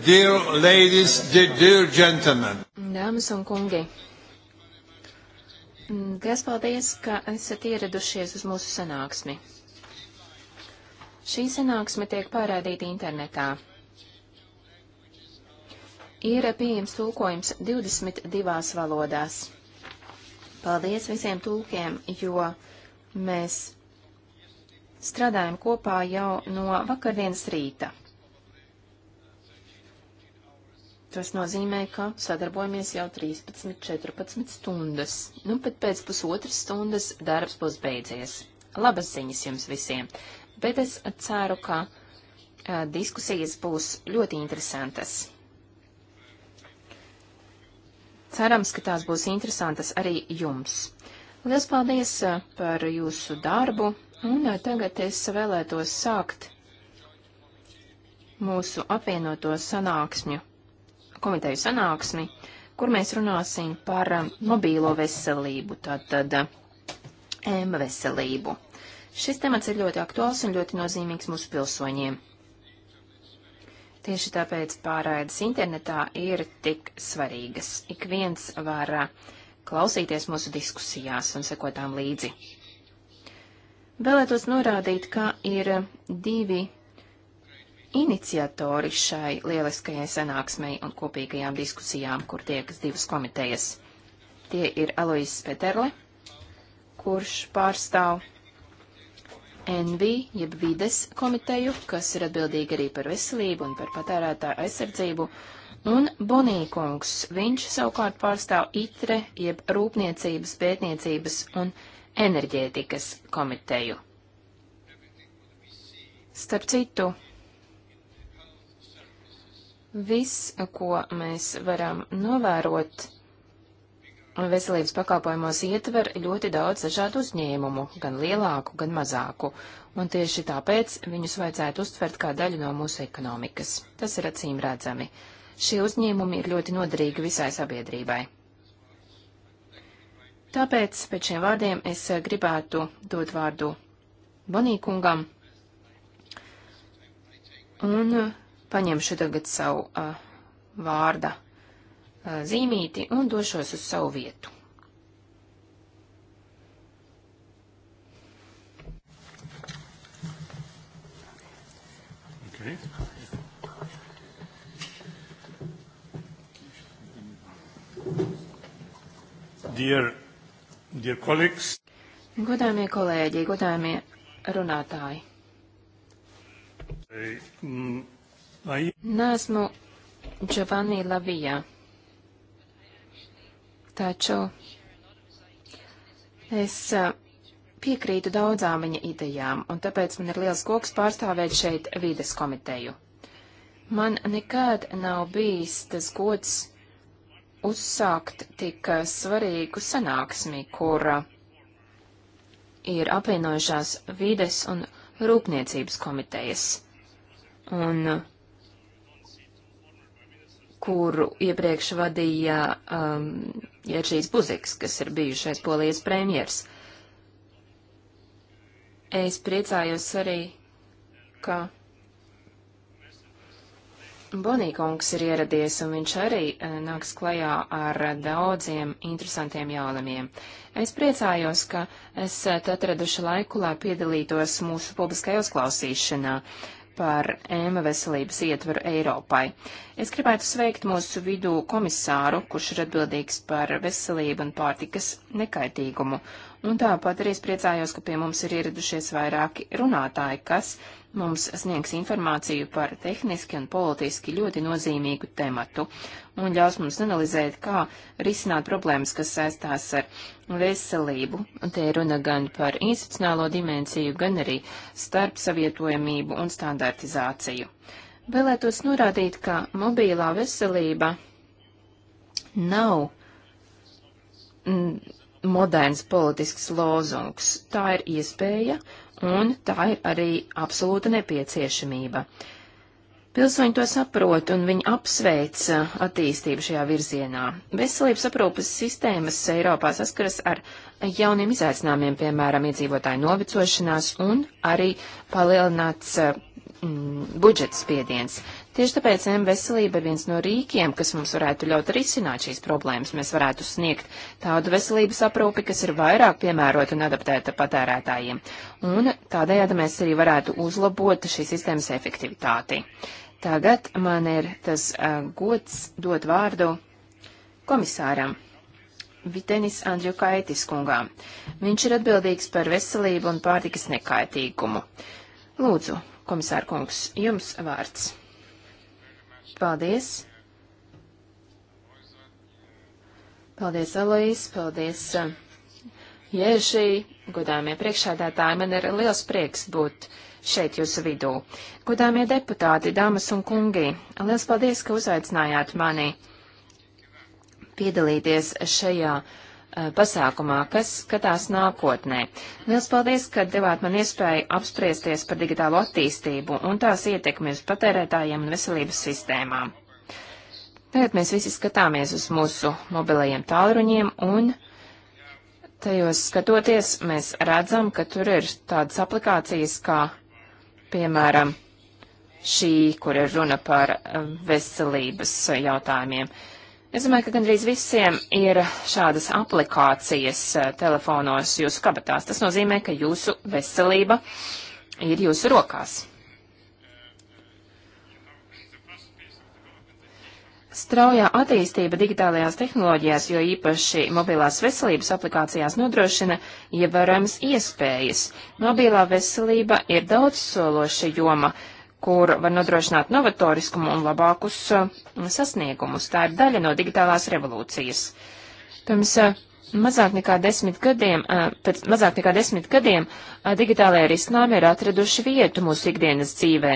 Dear ladies, dear gentlemen. Dāmas un kungi, liels paldies, ka esat ieradušies uz mūsu sanāksmi. Šī sanāksme tiek pārādīta internetā. Ir pieejams tulkojums 22 valodās. Paldies visiem tulkiem, jo mēs strādājam kopā jau no vakardienas rīta. Tas nozīmē, ka sadarbojamies jau 13-14 stundas. Nu, pat pēc pusotras stundas darbs būs beidzies. Labas ziņas jums visiem, bet es ceru, ka a, diskusijas būs ļoti interesantas. Cerams, ka tās būs interesantas arī jums. Lielas paldies a, par jūsu darbu, un a, tagad es vēlētos sākt mūsu apvienoto sanāksmju komiteju sanāksmi, kur mēs runāsim par um, mobīlo veselību, tātad um, M veselību. Šis temats ir ļoti aktuāls un ļoti nozīmīgs mūsu pilsoņiem. Tieši tāpēc pārraides internetā ir tik svarīgas. Ik viens var uh, klausīties mūsu diskusijās un sekotām līdzi. Vēlētos norādīt, ka ir um, divi iniciatori šai lieliskajai sanāksmei un kopīgajām diskusijām, kur tiekas divas komitejas. Tie ir Alois Peterle, kurš pārstāv NV, jeb vides komiteju, kas ir atbildīgi arī par veselību un par patērētāju aizsardzību, un Bonīkungs, viņš savukārt pārstāv ITRE, jeb Rūpniecības, Pētniecības un Enerģētikas komiteju. Starp citu, Viss, ko mēs varam novērot veselības pakalpojumos, ietver ļoti daudz dažādu uzņēmumu, gan lielāku, gan mazāku, un tieši tāpēc viņus vajadzētu uztvert kā daļu no mūsu ekonomikas. Tas ir acīm redzami. Šie uzņēmumi ir ļoti noderīgi visai sabiedrībai. Tāpēc pēc šiem vārdiem es gribētu dot vārdu Bonīkungam. Un paņemšu tagad savu uh, vārda uh, zīmīti un došos uz savu vietu. Okay. Dear, dear colleagues. Godājumie kolēģi, godājumie runātāji. Hey, mm. Vai... Nesmu Giovanni Lavija, taču es piekrītu daudzām viņa idejām, un tāpēc man ir liels koks pārstāvēt šeit vides komiteju. Man nekad nav bijis tas gods uzsākt tik svarīgu sanāksmi, kur ir apvienojušās vides un rūpniecības komitejas. Un kuru iepriekš vadīja um, Ječīs Buziks, kas ir bijušais polijas premjers. Es priecājos arī, ka Bonīkungs ir ieradies, un viņš arī uh, nāks klajā ar uh, daudziem interesantiem jaunumiem. Es priecājos, ka esat eh, atraduši laiku, lai piedalītos mūsu publiskajā uzklausīšanā. Uh, par ēma veselības ietveru Eiropai. Es gribētu sveikt mūsu vidū komisāru, kurš ir atbildīgs par veselību un pārtikas nekaitīgumu, Un tāpat arī es priecājos, ka pie mums ir ieradušies vairāki runātāji, kas mums sniegs informāciju par tehniski un politiski ļoti nozīmīgu tematu un ļaus mums analizēt, kā risināt problēmas, kas saistās ar veselību. Un te ir runa gan par institucionālo dimensiju, gan arī starp savietojamību un standartizāciju. Vēlētos norādīt, ka mobilā veselība nav mm, moderns politisks lozungs. Tā ir iespēja un tā ir arī absolūta nepieciešamība. Pilsoņi to saprot un viņi apsveic uh, attīstību šajā virzienā. Veselības aprūpas sistēmas Eiropā saskaras ar jauniem izaicinājumiem, piemēram, iedzīvotāju novecošanās un arī palielināts mm, uh, budžeta spiediens. Tieši tāpēc M-veselība ir viens no rīkiem, kas mums varētu ļaut risināt šīs problēmas. Mēs varētu sniegt tādu veselības aprūpi, kas ir vairāk piemērota un adaptēta patērētājiem. Un tādējādi mēs arī varētu uzlabot šīs sistēmas efektivitāti. Tagad man ir tas uh, gods dot vārdu komisāram. Vitenis Andriju Kaitis kungām. Viņš ir atbildīgs par veselību un pārtikas nekaitīgumu. Lūdzu, komisārkungs, jums vārds. Paldies! Paldies, Aloīs! Paldies, um, Jēžī! Godāmie priekšādātāji, man ir liels prieks būt šeit jūsu vidū. Godāmie deputāti, dāmas un kungi, liels paldies, ka uzaicinājāt mani piedalīties šajā uh, Eh, pasākumā, kas skatās nākotnē. Liels paldies, ka devāt man iespēju apspriesties par digitālo attīstību un tās ietekmi uz patērētājiem un veselības sistēmām. Tagad mēs visi skatāmies uz mūsu mobilajiem tālruņiem un tajos skatoties mēs redzam, ka tur ir tādas aplikācijas kā, piemēram, šī, kur ir runa par eh, veselības jautājumiem. Uh, Es domāju, ka gandrīz visiem ir šādas aplikācijas eh, telefonos jūsu kabatās. Tas nozīmē, ka jūsu veselība ir jūsu rokās. Straujā attīstība digitālajās tehnoloģijās, jo īpaši mobilās veselības aplikācijās nodrošina ievērojams iespējas. Mobilā veselība ir daudzsološa joma, kur var nodrošināt novatoriskumu un labākus uh, sasniegumus. Tā ir daļa no digitālās revolūcijas. Pirms uh, mazāk nekā desmit gadiem, uh, pēc mazāk nekā desmit gadiem digitālajā risinājumā ir atraduši vietu mūsu ikdienas dzīvē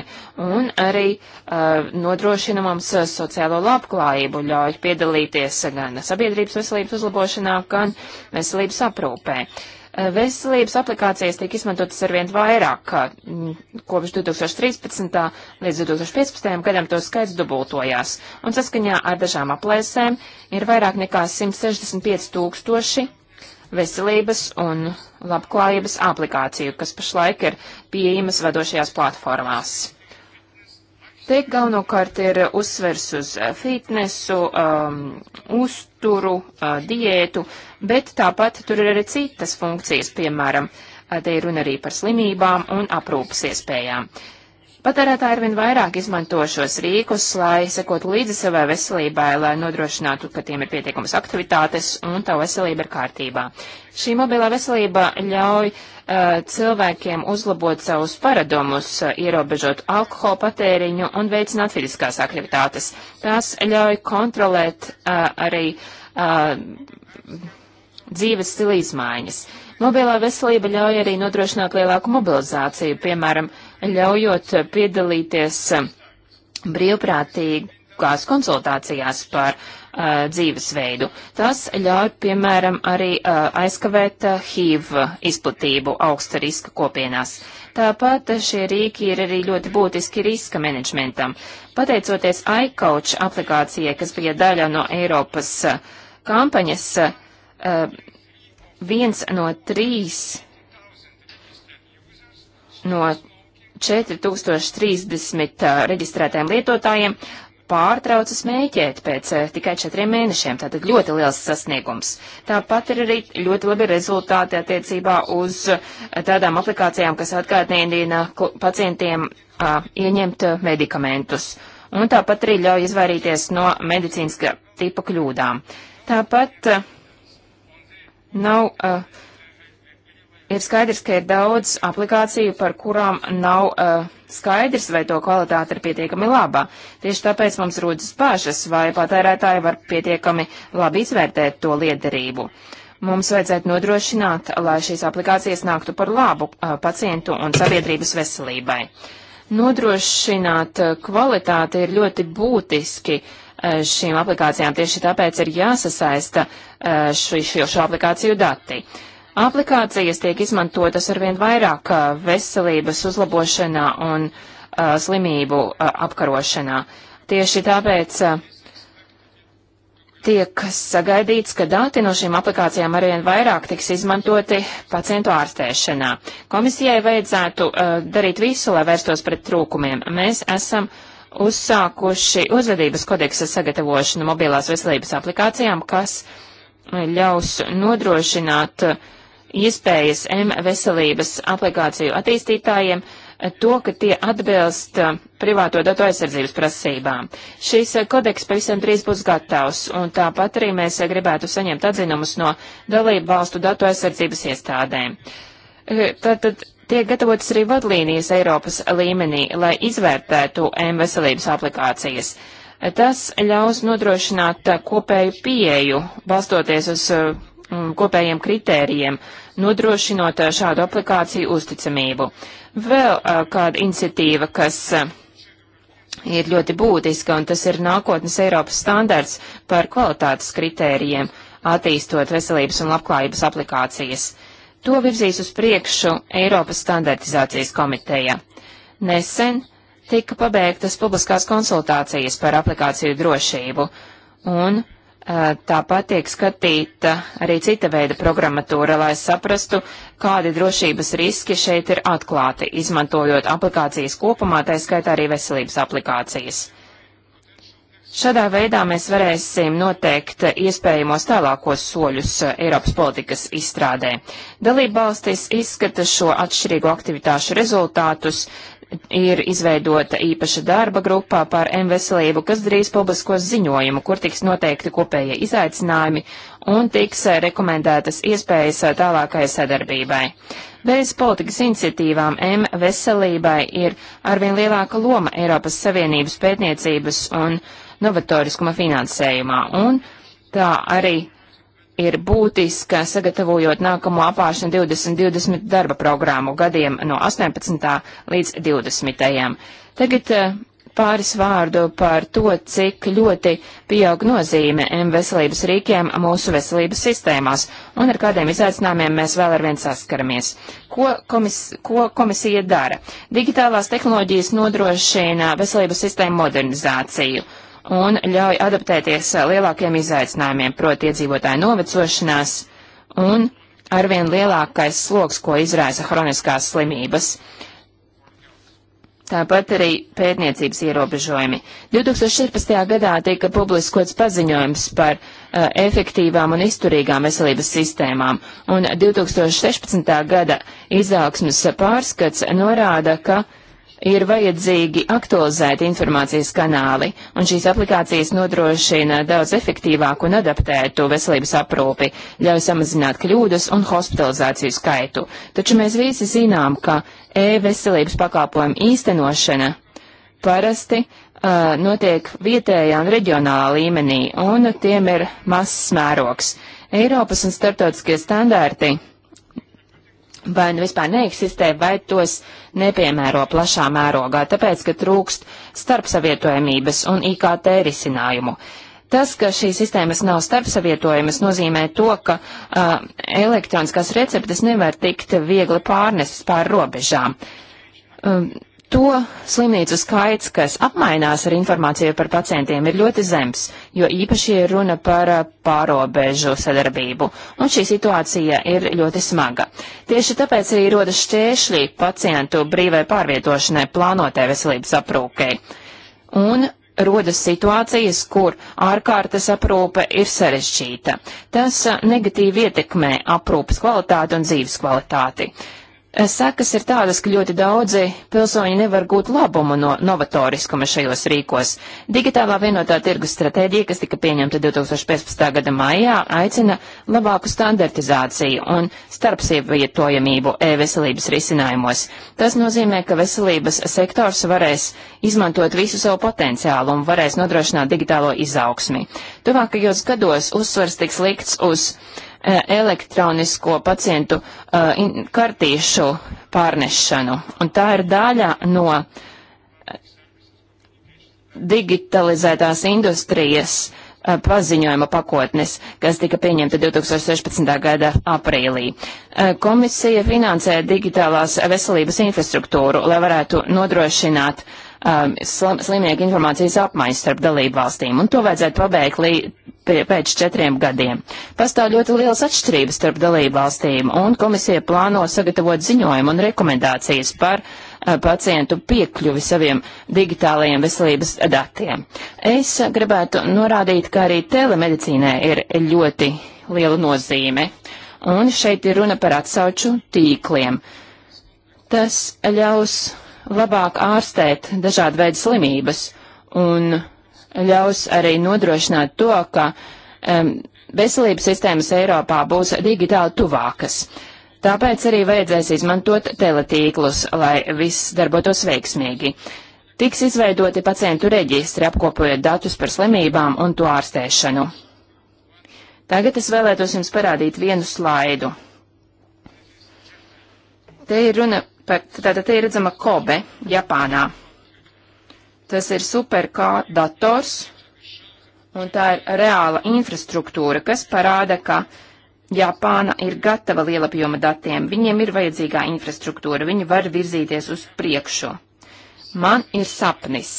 un arī uh, nodrošina mums sociālo labklājību, ļauj piedalīties gan sabiedrības veselības uzlabošanā, gan veselības aprūpē. Uh, Eh, veselības aplikācijas tiek izmantotas arvien vairāk, mm, kopš 2013. līdz 2015. gadam to skaits dubultojās, un saskaņā ar dažām aplēsēm ir vairāk nekā 165 tūkstoši veselības un labklājības aplikāciju, kas pašlaik ir pieejamas vadošajās platformās. Te galvenokārt ir uzsvers uz eh, fitnesu, um, uzturu, uh, diētu, bet tāpat tur ir arī citas funkcijas, piemēram, eh, te ir runa arī par slimībām un aprūpas iespējām. Patērētāji arvien vairāk izmanto šos rīkus, lai sekot līdzi savai veselībai, lai nodrošinātu, ka tiem ir pietiekamas aktivitātes un tā veselība ir kārtībā. Šī mobilā veselība ļauj uh, cilvēkiem uzlabot savus paradumus, uh, ierobežot alkohola patēriņu un veicināt fiziskās aktivitātes. Tās ļauj kontrolēt uh, arī uh, dzīves stila izmaiņas. Mobilā veselība ļauj arī nodrošināt lielāku mobilizāciju, piemēram, ļaujot piedalīties um, brīvprātīgās konsultācijās par uh, dzīvesveidu. Tas ļauj, piemēram, arī uh, aizkavēt uh, HIV izplatību augsta riska kopienās. Tāpat šie rīki ir arī ļoti būtiski riska menedžmentam. Pateicoties iCoach aplikācijai, kas bija daļa no Eiropas uh, kampaņas, uh, viens no trīs no 4030 reģistrētiem lietotājiem pārtrauca smēķēt pēc tikai četriem mēnešiem. Tātad ļoti liels sasniegums. Tāpat ir arī ļoti labi rezultāti attiecībā uz tādām aplikācijām, kas atgādina pacientiem a, ieņemt medikamentus. Un tāpat arī ļauj izvairīties no medicīnas tipa kļūdām. Tāpat a, nav. A, Ir skaidrs, ka ir daudz aplikāciju, par kurām nav uh, skaidrs, vai to kvalitāte ir pietiekami labā. Tieši tāpēc mums rodas pašas, vai patērētāji var pietiekami labi izvērtēt to liederību. Mums vajadzētu nodrošināt, lai šīs aplikācijas nāktu par labu uh, pacientu un sabiedrības veselībai. Nodrošināt uh, kvalitāti ir ļoti būtiski uh, šīm aplikācijām, tieši tāpēc ir jāsasaista uh, šo, šo, šo aplikāciju dati. Uh, Aplikācijas tiek izmantotas arvien vairāk uh, veselības uzlabošanā un a, uh, slimību a, uh, apkarošanā. Tieši tāpēc a, tiek sagaidīts, ka dati no šīm aplikācijām arvien vairāk tiks izmantoti pacientu ārstēšanā. Komisijai vajadzētu uh, darīt visu, lai vērstos pret trūkumiem. Mēs esam uzsākuši uzvedības kodeksa sagatavošanu mobilās veselības aplikācijām, kas ļaus nodrošināt uh, iespējas M veselības aplikāciju attīstītājiem to, ka tie atbilst uh, privāto datu aizsardzības prasībām. Šīs uh, kodeks pavisam drīz būs gatavs, un tāpat arī mēs uh, gribētu saņemt atzinumus no dalību valstu datu aizsardzības iestādēm. Tātad tiek gatavotas arī vadlīnijas Eiropas līmenī, lai izvērtētu M veselības aplikācijas. Tas ļaus nodrošināt kopēju pieeju, balstoties uz Mm, kopējiem kritērijiem, nodrošinot eh, šādu aplikāciju uzticamību. Vēl eh, kāda iniciatīva, kas eh, ir ļoti būtiska, un tas ir nākotnes Eiropas standarts par kvalitātes kritērijiem, attīstot veselības un labklājības aplikācijas. To virzīs uz priekšu Eiropas standartizācijas komiteja. Nesen tika pabeigtas publiskās konsultācijas par aplikāciju drošību, un Eh, tāpat tiek skatīta arī cita veida programmatūra, lai saprastu, kādi drošības riski šeit ir atklāti, izmantojot aplikācijas kopumā, tā skaitā arī veselības aplikācijas. Šādā veidā mēs varēsim noteikt iespējamos tālākos soļus eh, Eiropas politikas izstrādē. Dalībvalstis izskata šo atšķirīgo aktivitāšu rezultātus, ir izveidota īpaša darba grupā par M-veselību, kas drīz publiskos ziņojumu, kur tiks noteikti kopējie izaicinājumi un tiks eh, rekomendētas iespējas eh, tālākai sadarbībai. Bez politikas iniciatīvām M-veselībai ir arvien lielāka loma Eiropas Savienības pētniecības un novatoriskuma finansējumā, un tā arī ir būtiska, sagatavojot nākamo apāšanu 2020 darba programmu gadiem no 18. līdz 20. Tagad eh, pāris vārdu par to, cik ļoti pieaug nozīme M veselības rīkiem mūsu veselības sistēmās un ar kādiem izaicinājumiem mēs vēl arvien saskaramies. Ko, komis, ko komisija dara? Digitālās tehnoloģijas nodrošina veselības sistēmu modernizāciju un ļauj adaptēties lielākiem izaicinājumiem, proti iedzīvotāju novecošanās un arvien lielākais sloks, ko izraisa hroniskās slimības. Tāpat arī pētniecības ierobežojumi. 2014. gadā tika publiskots paziņojums par uh, efektīvām un izturīgām veselības sistēmām, un 2016. gada izaugsmas pārskats norāda, ka uh, ir vajadzīgi aktualizēt informācijas kanāli, un šīs aplikācijas nodrošina daudz efektīvāku un adaptētu veselības aprūpi, ļauj samazināt kļūdas un hospitalizāciju skaitu. Taču mēs visi zinām, ka e-veselības pakāpojumu īstenošana parasti uh, notiek vietējā un reģionālā līmenī, un tiem ir mazs mērogs. Eiropas un starptautiskie standārti vai nu vispār neeksistē, vai tos nepiemēro plašā mērogā, tāpēc, ka trūkst starpsavietojamības un IKT risinājumu. Tas, ka šīs sistēmas nav starpsavietojamas, nozīmē to, ka uh, elektroniskās receptes nevar tikt viegli pārnestas pār robežām. Um, uh, to slimnīcu skaits, kas apmainās ar informāciju par pacientiem, ir ļoti zems, jo īpaši ir runa par uh, pārobežu sadarbību, un šī situācija ir ļoti smaga. Tieši tāpēc arī rodas šķēršļi pacientu brīvai pārvietošanai plānotē veselības aprūkei. Un rodas situācijas, kur ārkārtas aprūpe ir sarežģīta. Tas uh, negatīvi ietekmē aprūpes kvalitāti un dzīves kvalitāti. Eh, sekas ir tādas, ka ļoti daudzi pilsoņi nevar gūt labumu no novatoriskuma šajos rīkos. Digitālā vienotā tirgus stratēģija, kas tika pieņemta 2015. gada maijā, aicina labāku standartizāciju un starpsievietojamību e-veselības risinājumos. Tas nozīmē, ka veselības sektors varēs izmantot visu savu potenciālu un varēs nodrošināt digitālo izaugsmi. Tuvākajos gados uzsvars tiks likts uz Eh, elektronisko pacientu eh, kartīšu pārnešanu. Un tā ir daļa no eh, digitalizētās industrijas paziņojuma pakotnes, kas tika pieņemta 2016. gada aprīlī. Komisija finansē digitālās veselības infrastruktūru, lai varētu nodrošināt uh, um, slim, slimnieku informācijas apmaiņu starp dalību valstīm, un to vajadzētu pabeigt līdz pēc četriem gadiem. Pastāv ļoti liels atšķirības starp dalību valstīm, un komisija plāno sagatavot ziņojumu un rekomendācijas par uh, pacientu piekļuvi saviem digitālajiem veselības datiem. Es gribētu norādīt, ka arī telemedicīnē ir ļoti liela nozīme, un šeit ir runa par atsauču tīkliem. Tas ļaus labāk ārstēt dažādu veidu slimības un ļaus arī nodrošināt to, ka um, veselības sistēmas Eiropā būs digitāli tuvākas. Tāpēc arī vajadzēs izmantot teletīklus, lai viss darbotos veiksmīgi. Tiks izveidoti pacientu reģistri, apkopojot datus par slimībām un to ārstēšanu. Tagad es vēlētos jums parādīt vienu slaidu. Te ir runa Tātad te ir redzama Kobe, Japānā. Tas ir superkārdators, un tā ir reāla infrastruktūra, kas parāda, ka Japāna ir gatava lielapjoma datiem, viņiem ir vajadzīgā infrastruktūra, viņi var virzīties uz priekšu. Man ir sapnis.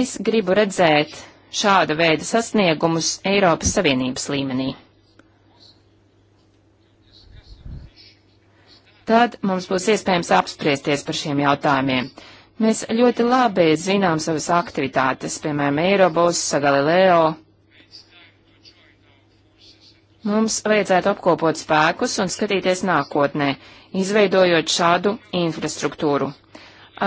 Es gribu redzēt šāda veida sasniegumus Eiropas Savienības līmenī. tad mums būs iespējams apspriesties par šiem jautājumiem. Mēs ļoti labi zinām savas aktivitātes, piemēram, Eirobus, Galileo. Mums vajadzētu apkopot spēkus un skatīties nākotnē, izveidojot šādu infrastruktūru.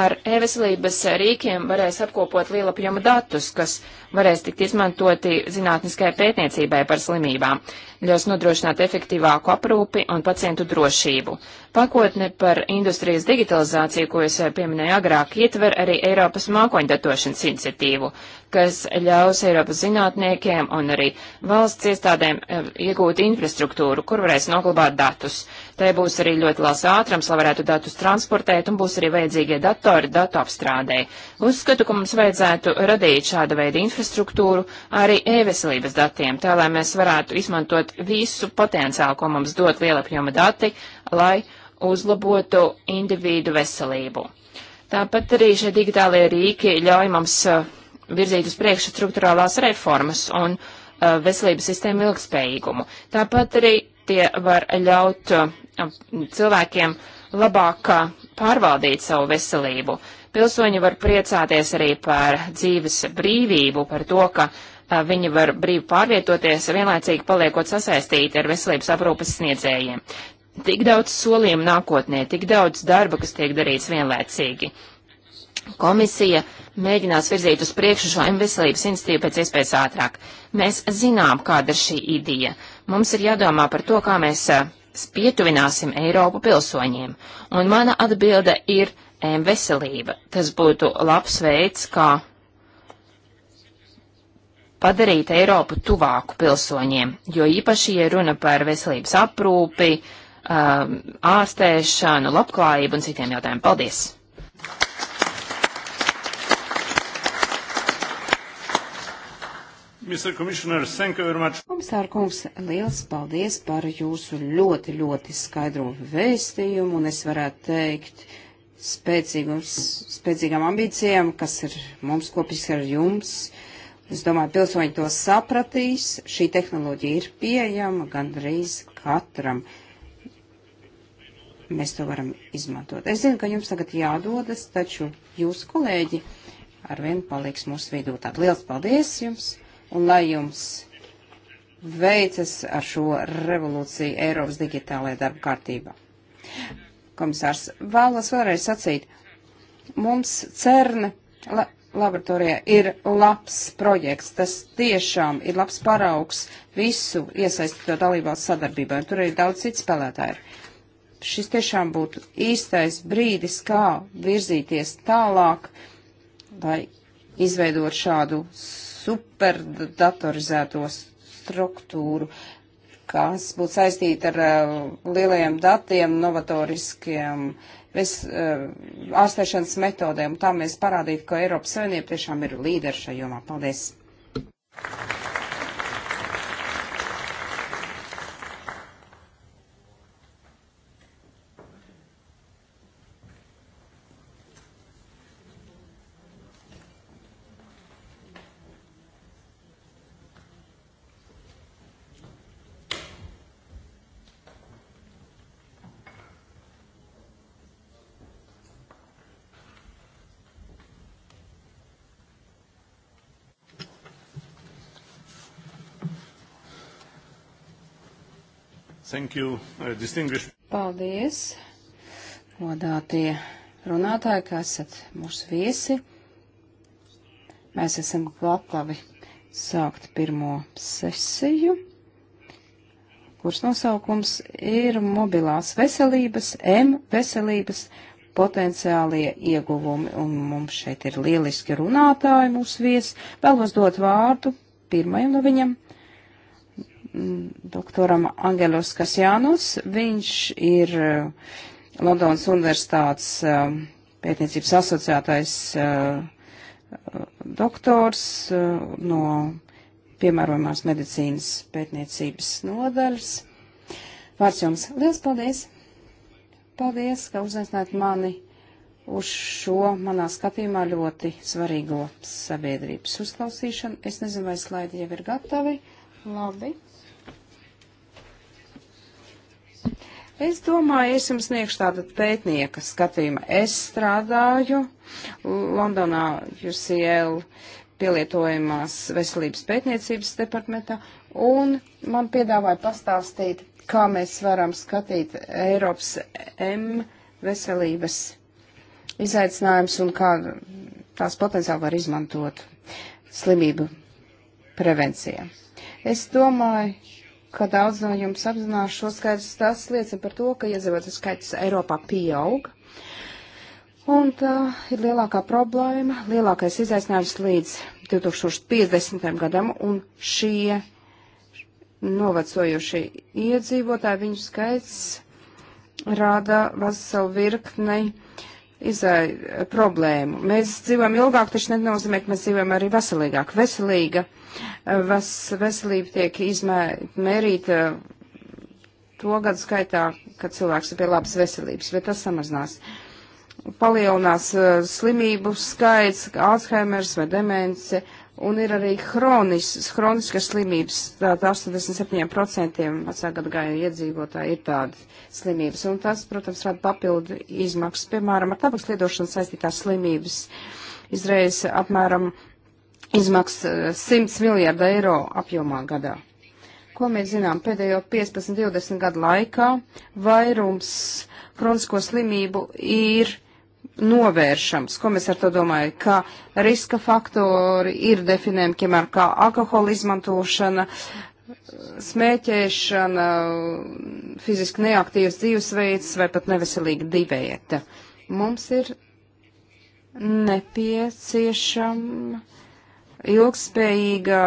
Ar e-veselības rīkiem varēs apkopot lielapjoma datus, kas varēs tikt izmantoti zinātniskai pētniecībai par slimībām ļaus nodrošināt efektīvāku aprūpi un pacientu drošību. Pakotne par industrijas digitalizāciju, ko es eh, pieminēju agrāk, ietver arī Eiropas mākoņdatošanas iniciatīvu, kas ļaus Eiropas zinātniekiem un arī valsts iestādēm eh, iegūt infrastruktūru, kur varēs noglabāt datus. Te būs arī ļoti liels ātrums, lai varētu datus transportēt, un būs arī vajadzīgie datori datu apstrādē. Uzskatu, ka mums vajadzētu radīt šāda veida infrastruktūru arī e-veselības datiem, tā lai mēs varētu izmantot izmantot visu potenciālu, ko mums dod lielapjoma dati, lai uzlabotu individu veselību. Tāpat arī šie digitālie rīki ļauj mums uh, virzīt uz priekšu struktūrālās reformas un uh, veselības sistēmu ilgspējīgumu. Tāpat arī tie var ļaut uh, cilvēkiem labāk pārvaldīt savu veselību. Pilsoņi var priecāties arī par dzīves brīvību, par to, ka viņi var brīvi pārvietoties, vienlaicīgi paliekot sasaistīti ar veselības aprūpes sniedzējiem. Tik daudz solījumu nākotnē, tik daudz darba, kas tiek darīts vienlaicīgi. Komisija mēģinās virzīt uz priekšu šo veselības institīvu pēc iespējas ātrāk. Mēs zinām, kāda ir šī ideja. Mums ir jādomā par to, kā mēs pietuvināsim Eiropu pilsoņiem. Un mana atbilde ir veselība. Tas būtu labs veids, kā padarīt Eiropu tuvāku pilsoņiem, jo īpaši, ja runa par veselības aprūpi, um, ārstēšanu, labklājību un citiem jautājumiem. Paldies! Komisāra kungs, liels paldies par jūsu ļoti, ļoti skaidro vēstījumu, un es varētu teikt spēcīgums, spēcīgām ambīcijām, kas ir mums kopīgs ar jums Es domāju, pilsoņi to sapratīs. Šī tehnoloģija ir pieejama gandrīz katram. Mēs to varam izmantot. Es zinu, ka jums tagad jādodas, taču jūsu kolēģi arvien paliks mūsu vidū. Tātad liels paldies jums un lai jums veicas ar šo revolūciju Eiropas digitālajā darba kārtībā. Komisārs vēlas vēlreiz sacīt, mums CERN, la, laboratorijā ir labs projekts. Tas tiešām ir labs paraugs visu iesaistīto dalībās sadarbībā. Tur ir daudz citu spēlētāju. Šis tiešām būtu īstais brīdis, kā virzīties tālāk, lai izveidot šādu superdatorizēto struktūru, kas būtu saistīta ar uh, lielajiem datiem, novatoriskiem uh, bez uh, ārstēšanas metodēm. Tā mēs parādītu, ka Eiropas Savienība tiešām ir līderi šajā jomā. Paldies! Thank you, uh, distinguished. Paldies, godātie runātāji, ka esat mūsu viesi. Mēs esam gatavi sākt pirmo sesiju, kuras nosaukums ir mobilās veselības, M veselības potenciālie ieguvumi, un mums šeit ir lieliski runātāji mūsu viesi. Vēlos dot vārdu pirmajam no viņam doktoram Angelos Kasjānus. Viņš ir eh, Londonas Universitātes eh, pētniecības asociētais eh, doktors no piemērojumās medicīnas pētniecības nodaļas. Vārds jums. Liels paldies! Paldies, ka uzaicināt mani uz šo manā skatījumā ļoti svarīgo sabiedrības uzklausīšanu. Es nezinu, vai slaidi jau ir gatavi. Labi. Es domāju, es jums sniegšu tādu pētnieka skatījumu. Es strādāju Londonā UCL pielietojumās veselības pētniecības departamentā, un man piedāvāja pastāstīt, kā mēs varam skatīt Eiropas M veselības izaicinājums un kā tās potenciāli var izmantot slimību prevencijā. Es domāju, ka daudz no jums apzinās šo skaidrs, tas liecina par to, ka iedzīvotāju skaits Eiropā pieaug. Un tā ir lielākā problēma, lielākais izaicinājums līdz 2050. gadam, un šie novecojušie iedzīvotāji, viņu skaits rāda veselu virkni izai problēmu. Mēs dzīvojam ilgāk, taču nenozīmē, ka mēs dzīvojam arī veselīgāk. Veselīga ves, veselība tiek izmērīta to gadu skaitā, kad cilvēks ir pie labas veselības, bet tas samazinās. Palielinās uh, slimību skaits, Alzheimers vai demence, un ir arī chronis, chroniskas slimības, tātad 87% vecākadu gāju iedzīvotāji ir tādi slimības, un tas, protams, rada papildu izmaksas, piemēram, ar tabaks lietošanu saistītās slimības. Izreiz apmēram izmaksas 100 eh, miljārdu eiro apjomā gadā. Ko mēs zinām pēdējo 15-20 gadu laikā? Vairums kronisko slimību ir novēršams. Ko mēs ar to domājam? Ka riska faktori ir definējami, piemēram, kā alkohola izmantošana, smēķēšana, fiziski neaktīvs dzīvesveids vai pat neveselīga divēta. Mums ir nepieciešama ilgspējīga,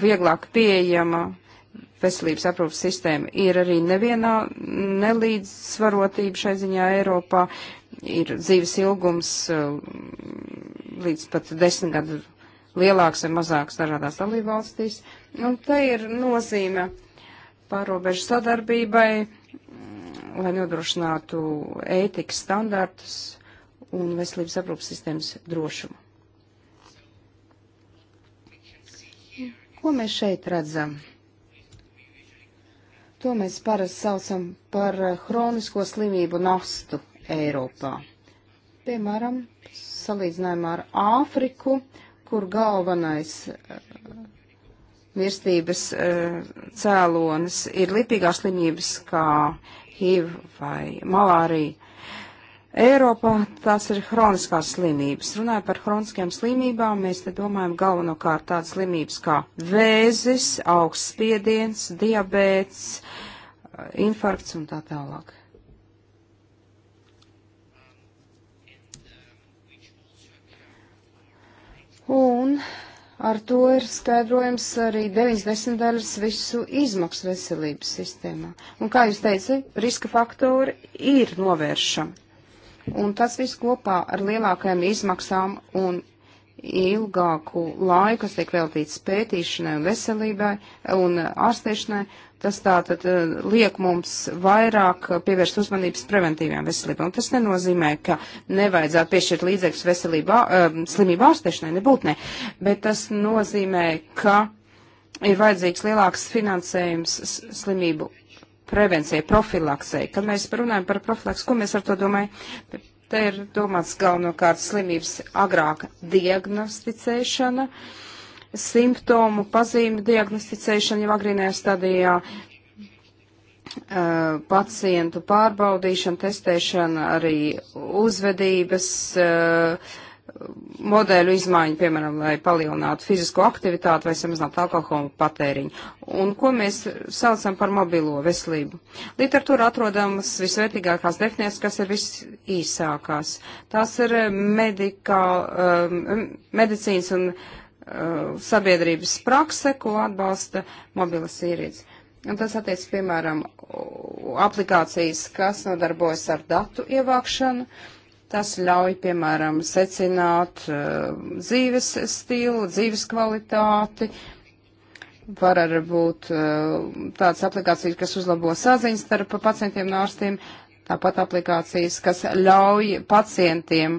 vieglāk pieejama veselības aprūpas sistēma. Ir arī nevienā nelīdzsvarotība šai ziņā Eiropā. Ir dzīves ilgums eh, līdz pat desmit gadu lielāks vai mazāks dažādās dalībvalstīs. Un te ir nozīme pārobežu sadarbībai, mm, lai nodrošinātu ētikas standartus un veselības aprūpas sistēmas drošumu. Ko mēs šeit redzam? To mēs parasti saucam par eh, hronisko slimību nastu Eiropā. Piemēram, salīdzinājumā ar Āfriku, kur galvenais eh, mirstības eh, cēlonis ir lipīgās slimības kā HIV vai malārija. Eiropā tās ir hroniskās slimības. Runājot par hroniskajām slimībām, mēs te domājam galvenokārt tādas slimības kā vēzis, augstspiediens, diabēts, eh, infarkts un tā tālāk. Un ar to ir skaidrojams arī 90 daļas visu izmaksu veselības sistēmā. Un kā jūs teicat, riska faktori ir novēršami. Un tas viss kopā ar lielākajām izmaksām un ilgāku laiku, kas tiek veltīts pētīšanai un veselībai un ārstēšanai, tas tātad eh, liek mums vairāk eh, pievērst uzmanības preventīvām veselībām. Tas nenozīmē, ka nevajadzētu piešķirt līdzekļus veselībā, eh, slimību ārstēšanai, nebūt ne, bet tas nozīmē, ka ir vajadzīgs lielāks finansējums slimību prevencijai, profilaksei. Kad mēs runājam par profilaksu, ko mēs ar to domājam? Te ir domāts galvenokārt slimības agrāka diagnosticēšana, simptomu pazīmu diagnosticēšana jau agrīnajā stadijā, pacientu pārbaudīšana, testēšana, arī uzvedības modeļu izmaiņu, piemēram, lai palielinātu fizisko aktivitāti vai samazinātu alkoholu patēriņu. Un ko mēs saucam par mobilo veselību? Literatūra atrodamas visvērtīgākās definīcijas, kas ir visīsākās. Tās ir eh, medikā, um, medicīnas un uh, sabiedrības prakse, ko atbalsta mobilas ierīces. Un tas attiec, piemēram, aplikācijas, kas nodarbojas ar datu ievākšanu. Uh, Tas ļauj, piemēram, secināt uh, dzīves stilu, dzīves kvalitāti. Var arī būt uh, tādas aplikācijas, kas uzlabo saziņas starp pacientiem un ārstiem, tāpat aplikācijas, kas ļauj pacientiem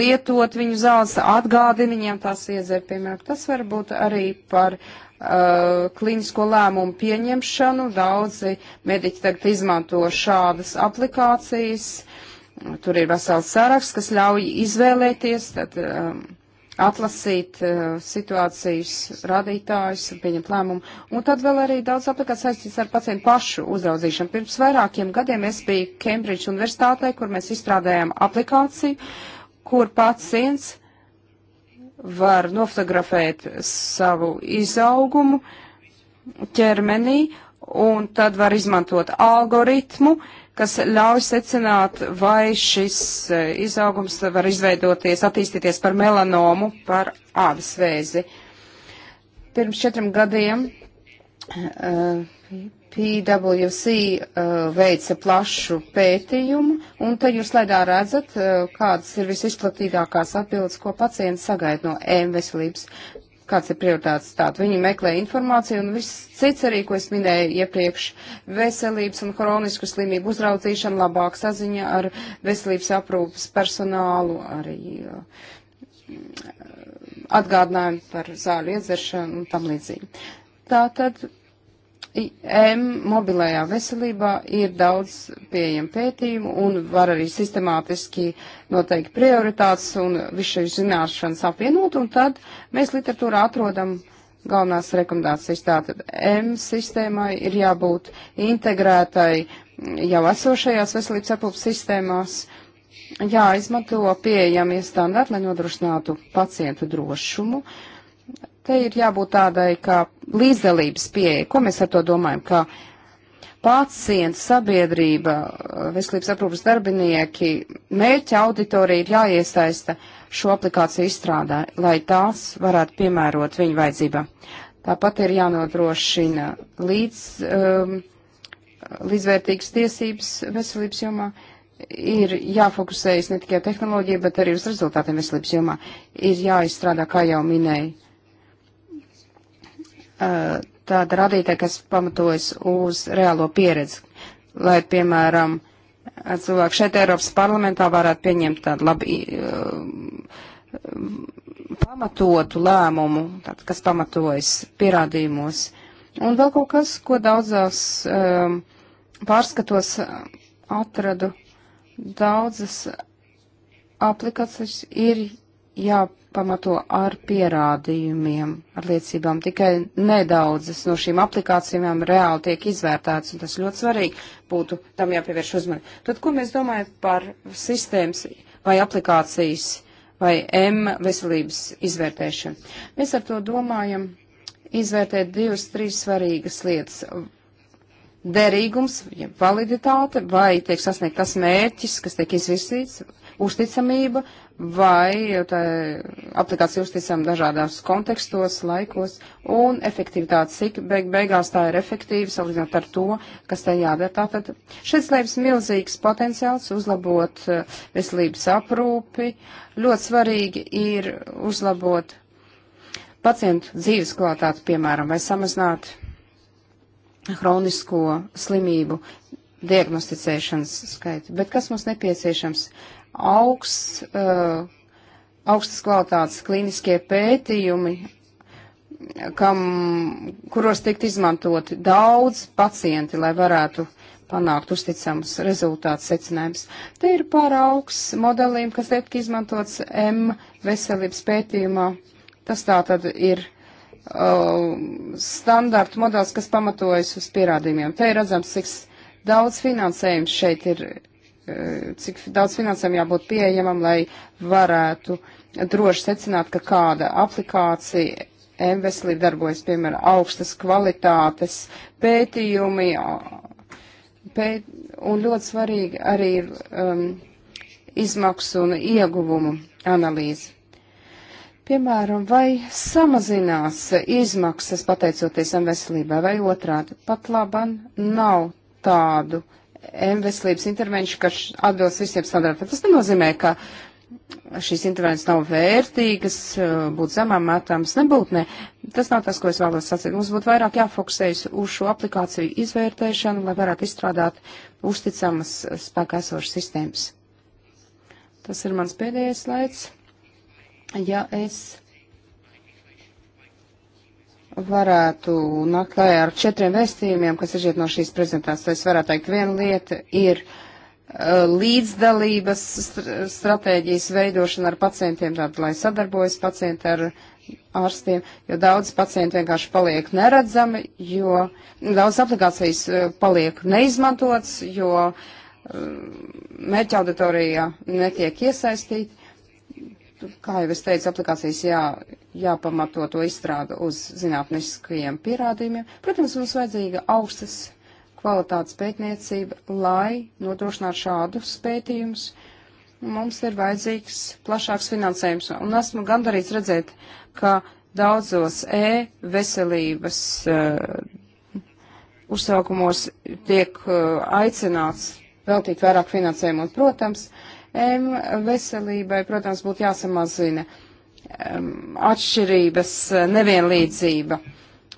lietot viņu zāles, atgādina viņiem tās iedzērt, piemēram. Tas var būt arī par uh, klīnisko lēmumu pieņemšanu. Daudzi mediķi tagad izmanto šādas aplikācijas. Uh, Tur ir vesels saraksts, kas ļauj izvēlēties, tad um, atlasīt uh, situācijas radītājus, pieņemt lēmumu. Un tad vēl arī daudz aplikācijas saistīts ar pacientu pašu uzraudzīšanu. Pirms vairākiem gadiem es biju Cambridge universitātē, kur mēs izstrādājām aplikāciju, kur pacients var nofotografēt savu izaugumu ķermenī, un tad var izmantot algoritmu, uh, kas ļauj secināt, vai šis e, izaugums var izveidoties, attīstīties par melanomu, par ādas vēzi. Pirms četriem gadiem e, PWC e, veica plašu pētījumu, un te jūs slaidā redzat, kādas ir visizplatītākās atbildes, ko pacients sagaida no ēm veselības kāds ir prioritāts tātad. Viņi meklē informāciju un viss cits arī, ko es minēju iepriekš - veselības un hronisku slimību uzraudzīšana, labāk saziņa ar veselības aprūpas personālu, arī uh, atgādinājumi par zāļu iedzeršanu un tam līdzīgi. Tātad M mobilajā veselībā ir daudz pieejam pētījumu un var arī sistemātiski noteikt prioritātes un visu šīs zināšanas apvienot, un tad mēs literatūrā atrodam galvenās rekomendācijas. Tātad M sistēmai ir jābūt integrētai jau esošajās veselības aprūpas sistēmās, jāizmanto pieejamie standarti, lai nodrošinātu pacientu drošumu Te ir jābūt tādai kā līdzdalības pieeja. Ko mēs ar to domājam? Ka pacients, sabiedrība, veselības aprūpas darbinieki, mērķa auditorija ir jāiesaista šo aplikāciju izstrādā, lai tās varētu piemērot viņu vajadzībām. Tāpat ir jānodrošina līdz, um, līdzvērtīgas tiesības veselības jomā. Ir jāfokusējas ne tikai tehnoloģija, bet arī uz rezultātiem veselības jomā. Ir jāizstrādā, kā jau minēju, Eh, tāda radītāja, kas pamatojas uz reālo pieredzi, lai, piemēram, cilvēki šeit Eiropas parlamentā varētu pieņemt tādu labi eh, pamatotu lēmumu, tātad, kas pamatojas pierādījumos. Un vēl kaut kas, ko daudzās um, pārskatos atradu, daudzas aplikācijas ir jā, jāpamato ar pierādījumiem, ar liecībām. Tikai nedaudzas no šīm aplikācijām reāli tiek izvērtētas, un tas ļoti svarīgi būtu tam jāpievērš uzmanību. Tad, ko mēs domājam par sistēmas vai aplikācijas vai M veselības izvērtēšanu? Mēs ar to domājam izvērtēt divas, trīs svarīgas lietas derīgums, ja validitāte, vai tiek sasniegt tas mērķis, kas tiek izvirsīts, uzticamība, vai tā aplikācija uzticama dažādās kontekstos, laikos, un efektivitāte, cik beig beigās tā ir efektīva, salīdzinot ar to, kas tai jādara. Tātad šeit slēpjas milzīgs potenciāls uzlabot eh, veselības aprūpi. Ļoti svarīgi ir uzlabot pacientu dzīves kvalitāti, piemēram, vai samazināt hronisko slimību diagnosticēšanas skaitu. Bet kas mums nepieciešams? Uh, augsts, eh, augstas kvalitātes klīniskie pētījumi, kam, kuros tikt izmantoti daudz pacienti, lai varētu panākt uzticams rezultāts secinājums. Te ir pāraugs modelim, kas tiek izmantots M veselības pētījumā. Tas tā tad ir uh, eh, standarta modelis, kas pamatojas uz pierādījumiem. Te ir redzams, cik daudz finansējums šeit ir cik daudz finansējumu jābūt pieejamam, lai varētu droši secināt, ka kāda aplikācija e-veselība darbojas, piemēram, augstas kvalitātes pētījumi, pēt, un ļoti svarīgi arī ir um, izmaksu un ieguvumu analīze. Piemēram, vai samazinās izmaksas pateicoties e-veselībai vai otrādi, pat laban nav tādu uh, M-veselības intervenci, kas atbilst visiem standartiem. Tas nenozīmē, ka šīs intervences nav vērtīgas, būtu zemām mētāmas, nebūtu, ne. Tas nav tas, ko es vēlos sacīt. Mums būtu vairāk jāfokusējas uz šo aplikāciju izvērtēšanu, lai varētu izstrādāt uzticamas spēkā esošas sistēmas. Tas ir mans pēdējais slaids. Ja es varētu nākt klājā ar četriem vēstījumiem, kas iziet no šīs prezentācijas. Varētu teikt, viena lieta ir uh, līdzdalības st stratēģijas veidošana ar pacientiem, tātad, lai sadarbojas pacienti ar ārstiem, jo daudz pacienti vienkārši paliek neredzami, jo daudz aplikācijas eh, paliek neizmantots, jo uh, mērķa auditorijā netiek iesaistīti kā jau es teicu, aplikācijas jā, jāpamato to izstrādu uz zinātniskajiem pierādījumiem. Protams, mums vajadzīga augstas kvalitātes pētniecība, lai nodrošinātu šādus pētījumus. Mums ir vajadzīgs plašāks finansējums, un esmu gandarīts redzēt, ka daudzos e-veselības uh, uzsaukumos tiek uh, aicināts veltīt vairāk finansējumu, un, protams, M veselībai, protams, būtu jāsamazina atšķirības, eh, nevienlīdzība.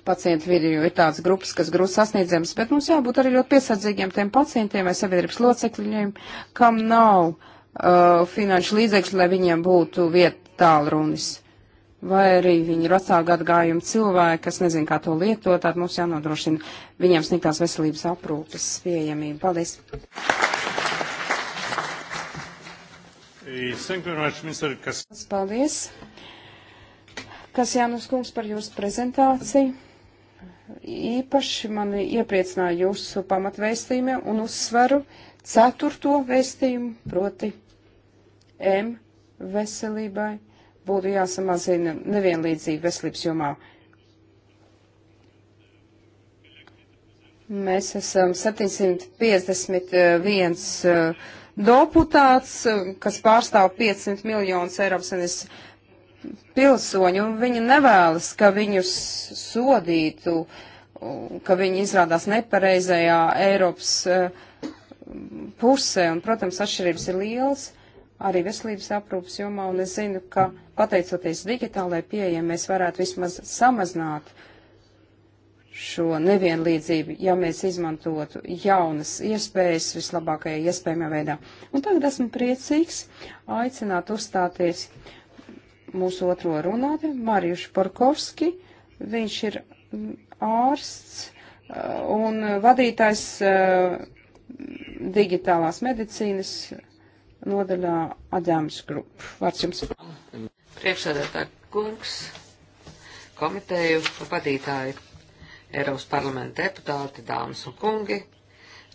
Pacientu vidū ir tāds grupas, kas grūti sasniedzams, bet mums jābūt arī ļoti piesardzīgiem tiem pacientiem vai sabiedrības locekļiem, kam nav uh, finanšu līdzekļu, lai viņiem būtu vieta tālrunis. Vai arī viņi ir vecāka atgājuma cilvēki, kas nezin, kā to lietot, tad mums jānodrošina viņiem sniegtās veselības aprūpes pieejamību. Paldies! Paldies, Kasjānus kungs, par jūsu prezentāciju. Īpaši mani iepriecināja jūsu pamatvēstījumi un uzsveru ceturto vēstījumu, proti M veselībai būtu jāsamazina nevienlīdzība veselības jomā. Mēs esam 751 deputāts, kas pārstāv 500 miljonus Eiropas Savienības pilsoņu, un viņi nevēlas, ka viņus sodītu, ka viņi izrādās nepareizajā Eiropas eh, pusē, un, protams, atšķirības ir lielas arī veselības aprūpas jomā, un es zinu, ka pateicoties digitālajai pieejai, mēs varētu vismaz samazināt uh, šo nevienlīdzību, ja mēs izmantotu jaunas iespējas vislabākajā iespējamā veidā. Un tagad esmu priecīgs aicināt uzstāties mūsu otro runāti, Marijušu Porkovski. Viņš ir ārsts uh, un vadītājs uh, digitālās medicīnas nodaļā Adams Group. Vārds jums. Priekšsēdētāji kungs, komiteju vadītāji Eiropas parlamenta deputāti, dāmas un kungi.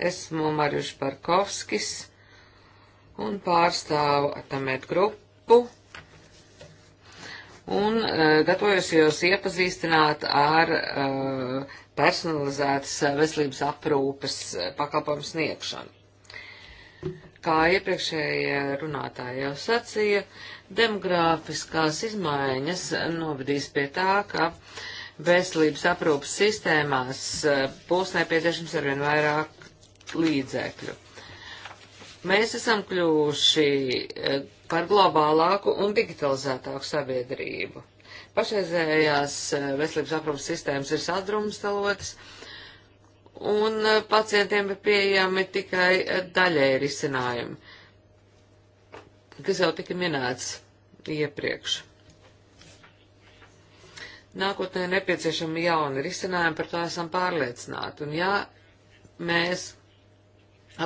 Esmu Mariuš Barkovskis un pārstāvu Atamēt grupu. Un uh, gatavojos jūs iepazīstināt ar uh, personalizētas veselības aprūpes pakalpojumu sniegšanu. Kā iepriekšējie runātāji jau sacīja, demogrāfiskās izmaiņas novedīs pie tā, ka uh, veselības aprūpas sistēmās eh, būs nepieciešams arvien vairāk līdzekļu. Mēs esam kļuvuši eh, par globālāku un digitalizētāku sabiedrību. Pašreizējās eh, veselības aprūpas sistēmas ir sadrumstalotas, un pacientiem ir pieejami tikai daļēji risinājumi, kas jau tika minēts iepriekš. Nākotnē nepieciešami jauni risinājumi, par to esam pārliecināti. Un ja mēs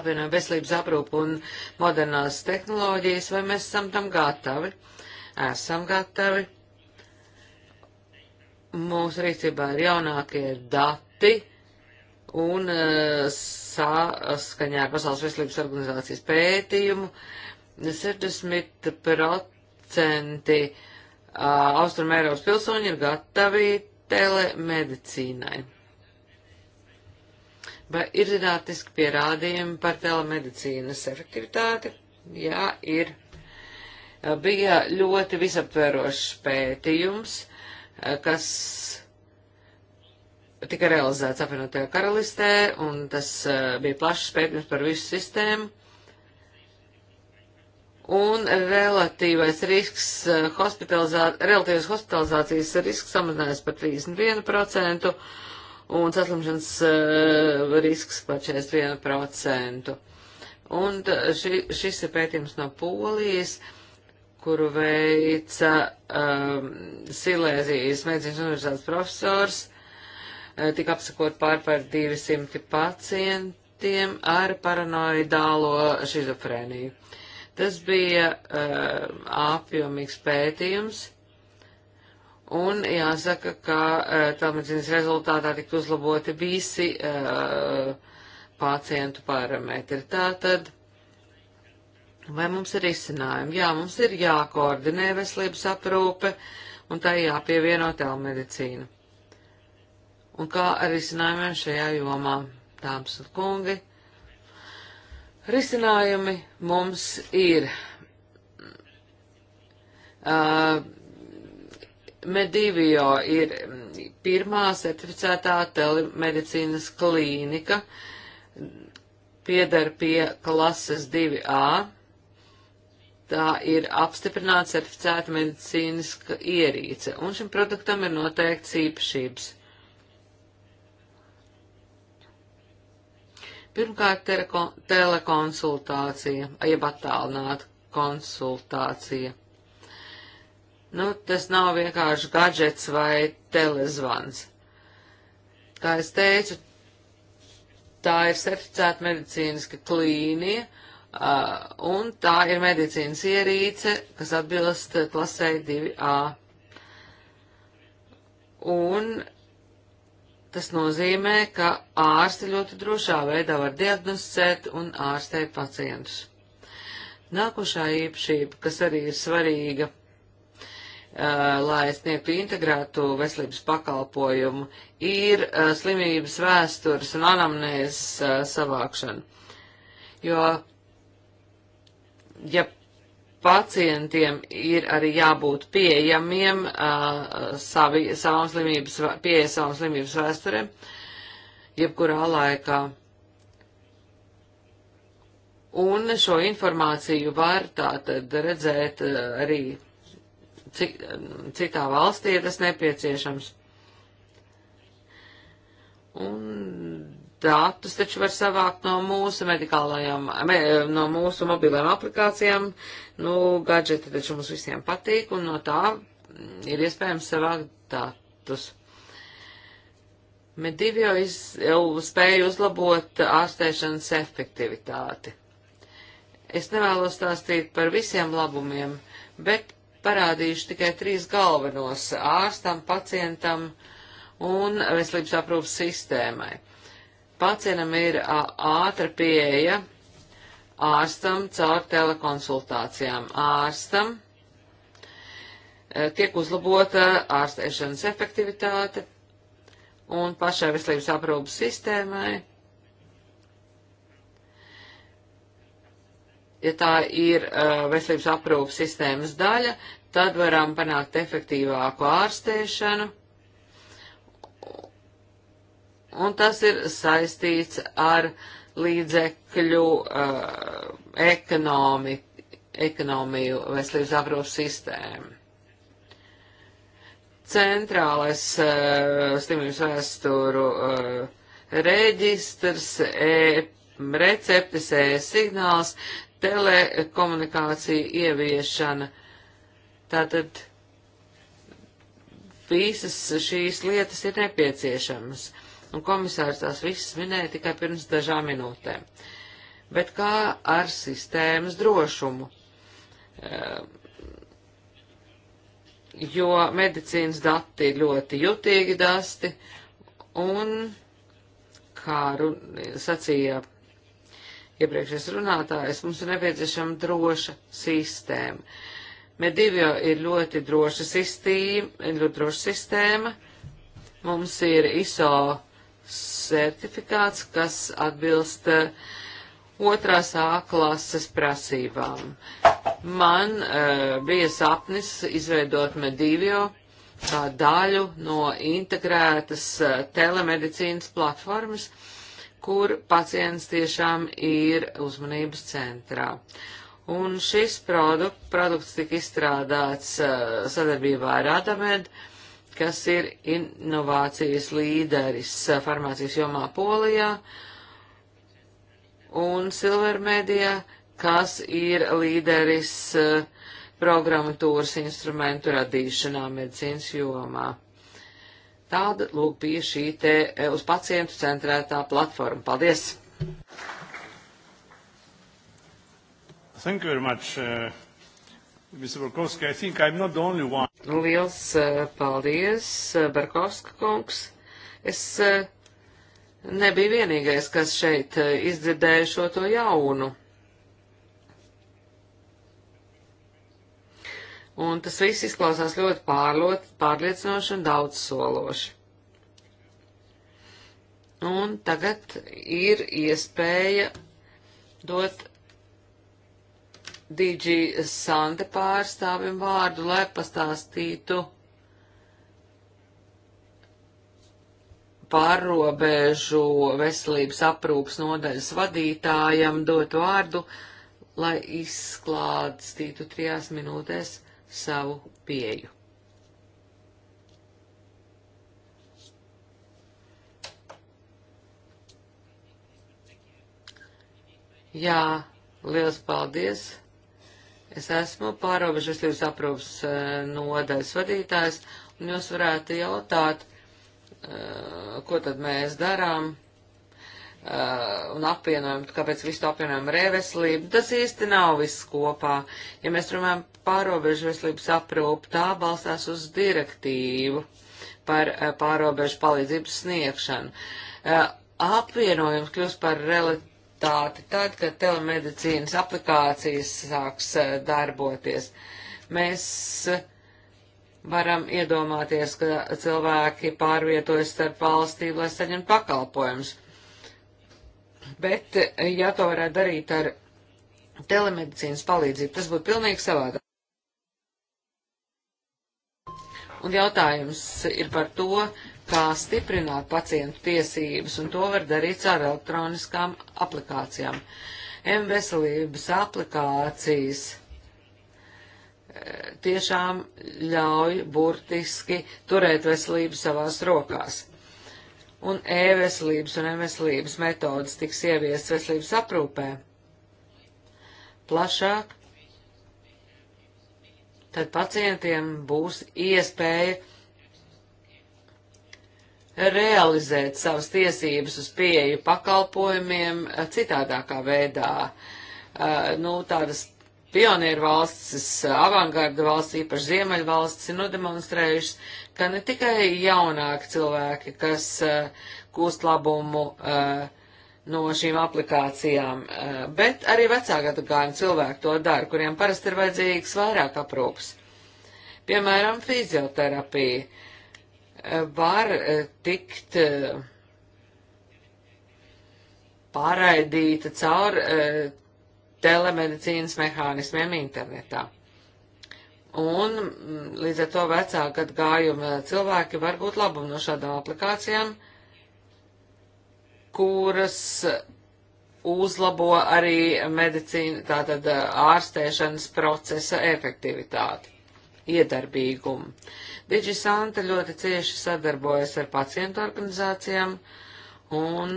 apvienojam veselības aprūpu un modernās tehnoloģijas, vai mēs esam tam gatavi? Esam gatavi. Mūsu rīcībā ir jaunākie dati un eh, saskaņā ar Pasaules veselības organizācijas pētījumu 60% Uh, Austrum Eiropas pilsoņi ir gatavi telemedicīnai. Vai ir zinātniski pierādījumi par telemedicīnas efektivitāti? Jā, ir. Uh, bija ļoti visaptverošs pētījums, uh, kas tika realizēts apvienotajā karalistē, un tas bija plašs pētījums par visu sistēmu un relatīvais risks, eh, hospitalizā, relatīvais hospitalizācijas risks samazinājās par 31% un saslimšanas uh, risks par 41%. Un ši, šis ir pētījums no Polijas, kuru veica um, Silēzijas medicīnas universitātes profesors, uh, eh, tika apsakot pār par 200 pacientiem ar paranoidālo šizofrēniju. Uh, Tas bija uh, apjomīgs pētījums, un jāsaka, ka uh, tālmedzīnas rezultātā tika uzlaboti visi uh, pacientu parametri. Tātad, vai mums ir izcinājumi? Jā, mums ir jākoordinē veselības aprūpe, un tā jāpievieno tālmedicīnu. Un kā ar izcinājumiem šajā jomā, dāmas un kungi? Risinājumi mums ir uh, Medivio ir pirmā certificētā telemedicīnas klīnika, piedar pie klases 2A. Tā ir apstiprināta certificēta medicīniska ierīce, un šim produktam ir noteikts īpašības. Pirmkārt, tereko, telekonsultācija, jeb attālināta konsultācija. Nu, tas nav vienkārši gadžets vai telezvans. Kā es teicu, tā ir certificēta medicīniska klīnija, uh, un tā ir medicīnas ierīce, kas atbilst klasē 2A. Un Tas nozīmē, ka ārsti ļoti drošā veidā var diagnosticēt un ārstēt pacientus. Nākošā īpašība, kas arī ir svarīga, lai sniegtu integrētu veselības pakalpojumu, ir slimības vēstures un anamnēzes savākšana. Jo, ja pacientiem ir arī jābūt pieejamiem uh, savi, savam slimības, pieeja savam slimības vēsturē, jebkurā laikā. Un šo informāciju var tātad redzēt arī citā valstī, ja tas nepieciešams. Un datus taču var savākt no mūsu medikālajām, no mūsu mobilajām aplikācijām. Nu, gadžeti taču mums visiem patīk, un no tā mm, ir iespējams savākt datus. Medivio iz, jau spēja uzlabot ārstēšanas efektivitāti. Es nevēlos stāstīt par visiem labumiem, bet parādīšu tikai trīs galvenos ārstam, pacientam un veselības aprūpas sistēmai. Pacienam ir ātra pieeja ārstam caur telekonsultācijām. Ārstam e, tiek uzlabota ārstēšanas efektivitāte un pašai veselības aprūpas sistēmai. Ja tā ir uh, veselības aprūpas sistēmas daļa, tad varam panākt efektīvāku ārstēšanu un tas ir saistīts ar līdzekļu uh, ekonomi, ekonomiju veselības aprūpas sistēmu. Centrālais uh, slimības vēsturu uh, reģistrs, e, receptes, e, signāls, telekomunikācija ieviešana. Tātad visas šīs lietas ir nepieciešamas un komisārs tās visas minēja tikai pirms dažām minūtēm. Bet kā ar sistēmas drošumu? Ehm, jo medicīnas dati ir ļoti jutīgi dasti, un, kā run, sacīja iepriekšējais runātājs, mums ir nepieciešama droša sistēma. Medivio ir ļoti droša sistēma, ļoti droša sistēma. Mums ir ISO certifikāts, kas atbilst eh, otrās A klases prasībām. Man uh, bija sapnis izveidot Medivio kā daļu no integrētas uh, telemedicīnas platformas, kur pacients tiešām ir uzmanības centrā. Un šis produkt, produkts tika izstrādāts uh, sadarbībā ar Adamed, uh, kas ir inovācijas līderis eh, farmācijas jomā Polijā, un Silver Media, kas ir līderis eh, programmatūras instrumentu radīšanā medicīnas jomā. Tāda lūk bija šī te eh, uz pacientu centrētā platforma. Paldies! Thank you very much. Uh... Mr. Barkovski, I think I'm not the only one. Liels eh, paldies, eh, Barkovska kungs. Es eh, nebiju vienīgais, kas šeit izdzirdēja šo to jaunu. Un tas viss izklausās ļoti pārlot, pārliecinoši un daudz sološi. Un tagad ir iespēja dot DG Sante pārstāvim vārdu, lai pastāstītu pārrobežu veselības aprūpas nodaļas vadītājam dot vārdu, lai izklāstītu trijās minūtēs savu pieju. Jā, liels paldies! Es esmu pārobežu veselības aprūpas eh, nodaļas vadītājs, un jūs varētu jautāt, eh, ko tad mēs darām eh, un apvienojam, kāpēc visu to apvienojam ar e-veselību. Tas īsti nav viss kopā. Ja mēs runājam pārobežu veselības aprūpu, tā balstās uz direktīvu par pārobežu palīdzības sniegšanu. Apvienojums kļūst par relatīvi efektivitāti tad, kad telemedicīnas aplikācijas sāks eh, darboties. Mēs varam iedomāties, ka cilvēki pārvietojas starp valstīm, lai saņemtu pakalpojumus. Bet, eh, ja to varētu darīt ar telemedicīnas palīdzību, tas būtu pilnīgi savādāk. Un jautājums ir par to, kā stiprināt pacientu tiesības, un to var darīt ar elektroniskām aplikācijām. M-veselības aplikācijas e, tiešām ļauj burtiski turēt veselību savās rokās. Un e-veselības un m-veselības metodas tiks ieviestas veselības aprūpē. Plašāk, tad pacientiem būs iespēja realizēt savas tiesības uz pieeju pakalpojumiem eh, citādākā veidā. Eh, nu, tādas pionieru valstis, avangarda valsts, īpaši ziemeļvalstis ir nodemonstrējušas, ka ne tikai jaunāki cilvēki, kas eh, gūst labumu no šīm aplikācijām, bet arī vecāka gadagājuma cilvēki to dara, kuriem parasti ir vajadzīgs vairāk aprūpas. Piemēram, fizioterapija var eh, tikt eh, pārraidīta caur eh, telemedicīnas mehānismiem internetā. Un mm, līdz ar to vecāku gadu gājuma cilvēki var būt labumi no šādām aplikācijām, kuras uzlabo arī medicīnu, tātad ārstēšanas procesa efektivitāti iedarbīgumu. Digisanta ļoti cieši sadarbojas ar pacientu organizācijām un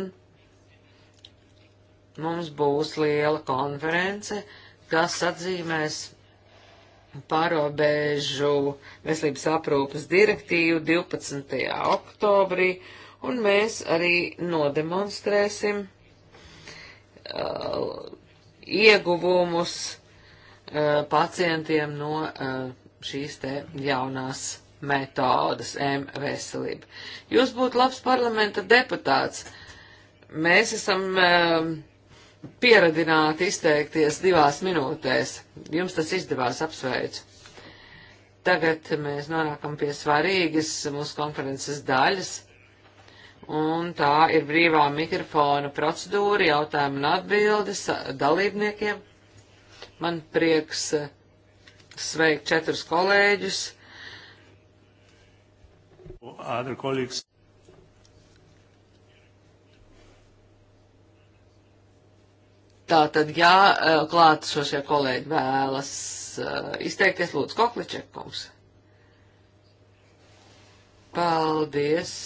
mums būs liela konference, kas atzīmēs pārobežu veselības aprūpas direktīvu 12. oktobrī, un mēs arī nodemonstrēsim uh, ieguvumus uh, pacientiem no uh, šīs te jaunās metodas M-veselība. Jūs būtu labs parlamenta deputāts. Mēs esam um, pieradināti izteikties divās minūtēs. Jums tas izdevās apsveicu. Tagad mēs nonākam pie svarīgas mūsu konferences daļas, un tā ir brīvā mikrofona procedūra, jautājumi un atbildes dalībniekiem. Man prieks uh, sveikt četrus kolēģus. Other colleagues. Tātad, jā, eh, klātsošie kolēģi vēlas eh, izteikties, lūdzu, Kokličekungs. Paldies.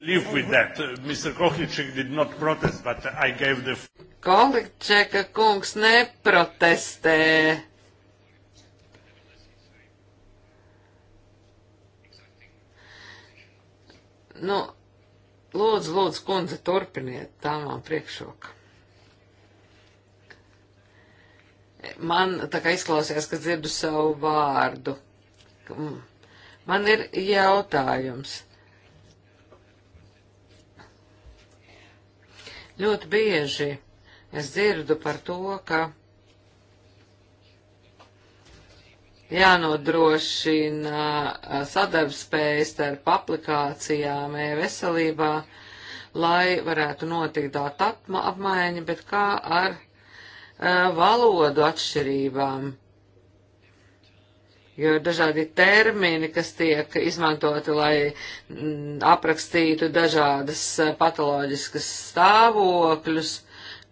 Live with that. Uh, Mr. Kohliček did not protest, but I gave the... Kohličeka kungs neprotestē. Nu, lūdzu, lūdzu, kundze, turpiniet, tā man priekšroka. Man tā kā izklausījās, ka dzirdu savu vārdu. Mm, man ir jautājums. Ļoti bieži es dzirdu par to, ka jānodrošina sadarbspējas starp aplikācijām e-veselībā, lai varētu notikt datu apmaiņa, bet kā ar uh, valodu atšķirībām jo ir dažādi termini, kas tiek izmantoti, lai m, mm, aprakstītu dažādas e, patoloģiskas stāvokļus,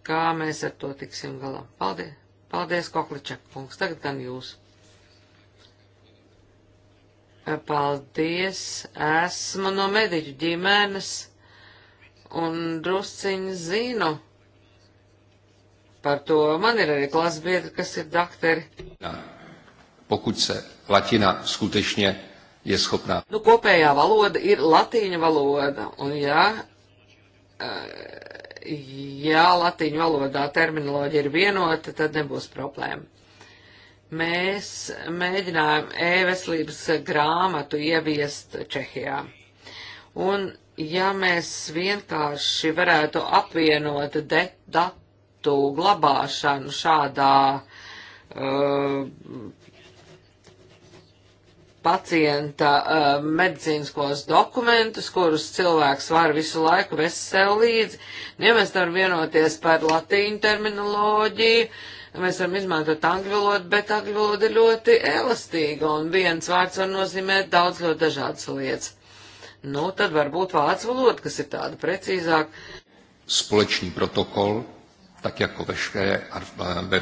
kā mēs ar to tiksim galā. Paldies, paldies Kokličak, kungs, tagad gan jūs. E, paldies, esmu no mediķu ģimenes un drusciņi zinu par to. Man ir arī klasbiedri, kas ir dakteri. Jā pokud se latina skutečně je schopná. Nu, kopējā valoda ir latīņa valoda, un jā, e, jā, latīņu valodā terminoloģija ir vienota, tad nebūs problēma. Mēs mēģinājām e-veselības grāmatu ieviest Čehijā. Un ja mēs vienkārši varētu apvienot datu glabāšanu šādā uh, pacienta uh, medicīniskos dokumentus, kurus cilvēks var visu laiku vest sev līdzi. Ja mēs varam vienoties par latīņu terminoloģiju, mēs varam izmantot angļu valodu, bet angļu valoda ir ļoti elastīga un viens vārds var nozīmēt daudz ļoti dažādas lietas. Nu, tad varbūt vācu valoda, kas ir tāda precīzāk. Společný protokol, tak jako veškeré eh, ve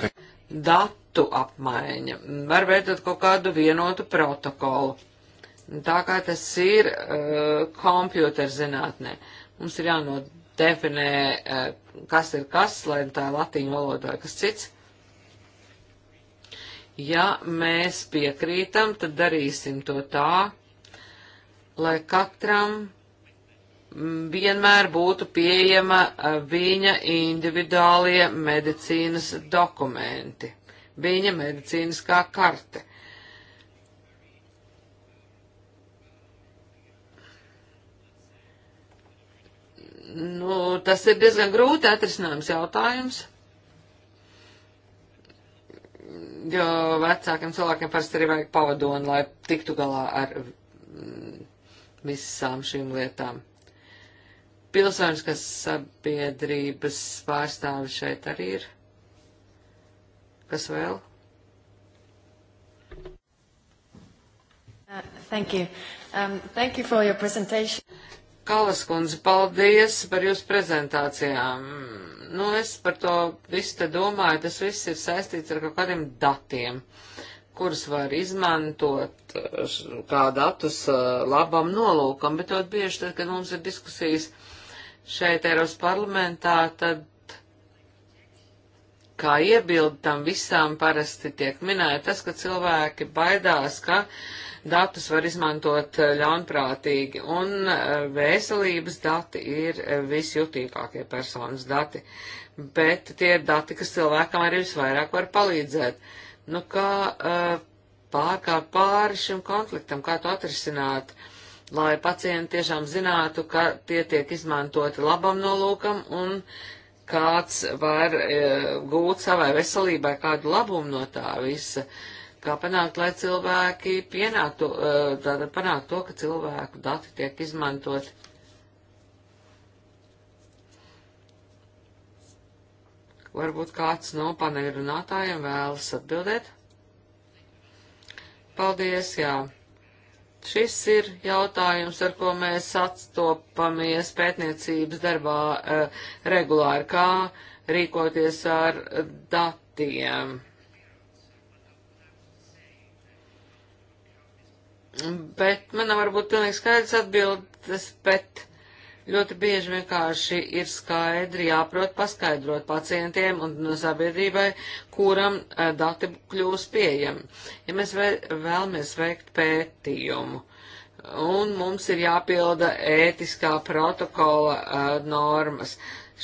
datu apmaiņa, var veidot kaut kādu vienotu protokolu. Tā kā tas ir uh, eh, kompjuterzinātnē, mums ir jānodefinē, uh, kas ir kas, lai tā ir latīņu valoda vai kas cits. Ja mēs piekrītam, tad darīsim to tā, lai katram vienmēr būtu pieejama viņa individuālie medicīnas dokumenti, viņa medicīniskā karte. Nu, tas ir diezgan grūti atrisināms jautājums, jo vecākiem cilvēkiem parasti arī vajag pavadoni, lai tiktu galā ar mm, visām šīm lietām. Pilsoniskās sabiedrības pārstāvi šeit arī ir. Kas vēl? Uh, thank you. Um, thank you for your presentation. Kalas kundze, paldies par jūsu prezentācijām. Nu, es par to visu te domāju, tas viss ir saistīts ar kaut kādiem datiem, kurus var izmantot uh, kā datus uh, labam nolūkam, bet ļoti bieži tad, kad mums ir diskusijas šeit Eiropas parlamentā, tad kā iebildi tam visām parasti tiek minēta tas, ka cilvēki baidās, ka datus var izmantot eh, ļaunprātīgi, un eh, veselības dati ir eh, visjutīgākie personas dati, bet tie ir dati, kas cilvēkam arī visvairāk var palīdzēt. Nu, kā pārkāpt pāri šim konfliktam, kā to atrisināt? Uh, lai pacienti tiešām zinātu, ka tie tiek izmantoti labam nolūkam un kāds var e, gūt savai veselībai kādu labumu no tā visa. Kā panākt, lai cilvēki pienāktu, e, tātad e, panākt to, ka cilvēku dati tiek izmantoti. Varbūt kāds no paneļrunātājiem vēlas atbildēt? Paldies, jā. Šis ir jautājums, ar ko mēs atstopamies pētniecības darbā uh, regulāri, kā rīkoties ar datiem. Bet man varbūt pilnīgi skaidrs atbildes, bet Ļoti bieži vienkārši ir skaidri jāprot paskaidrot pacientiem un no sabiedrībai, kuram eh, dati kļūs pieejami. Ja mēs vēlamies veikt pētījumu, un mums ir jāpilda ētiskā protokola uh, normas.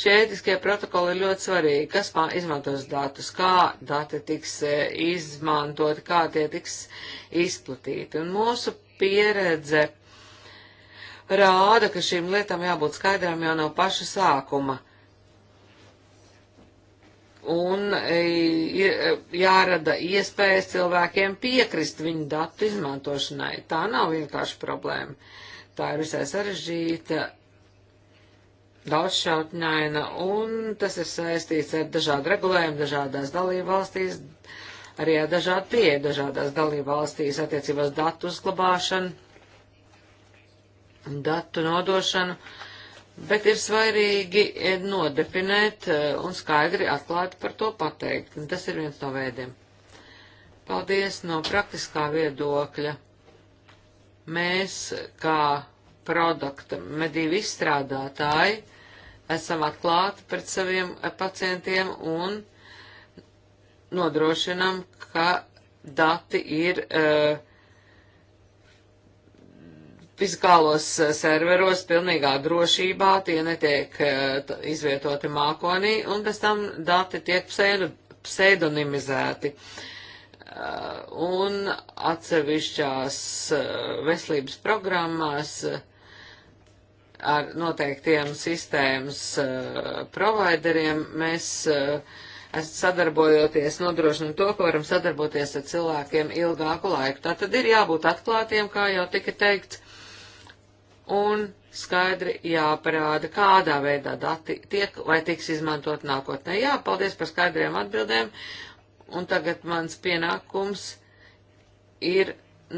Šie ētiskie protokoli ir ļoti svarīgi, kas izmantos datus, kā dati tiks uh, izmantoti, kā tie tiks izplatīti. Un mūsu pieredze rāda, ka šīm lietām jābūt skaidrām jau no paša sākuma. Un e, ir e, jārada iespējas cilvēkiem piekrist viņu datu izmantošanai. Tā nav vienkārši problēma. Tā ir visai sarežģīta, daudzšķautņaina, un tas ir saistīts ar dažādu regulējumu dažādās dalību valstīs, arī ar dažādu pieeju dažādās dalību valstīs attiecībās datu uzglabāšanu datu nodošanu, bet ir svarīgi nodefinēt eh, un skaidri atklāti par to pateikt. Un tas ir viens no veidiem. Paldies no praktiskā viedokļa. Mēs, kā produkta medību izstrādātāji, esam atklāti pret saviem eh, pacientiem un nodrošinam, ka dati ir uh, fiskālos eh, serveros pilnīgā drošībā, tie netiek eh, izvietoti mākonī, un pēc tam dati tiek pseidonimizēti. Eh, un atsevišķās veselības programmās ar noteiktiem sistēmas provideriem mēs sadarbojoties, nodrošinam to, ka varam sadarboties ar cilvēkiem ilgāku laiku. Tā tad ir jābūt atklātiem, kā jau tika teikts, un skaidri jāparāda, kādā veidā dati tiek vai tiks izmantot nākotnē. Jā, paldies par skaidriem atbildēm, un tagad mans pienākums ir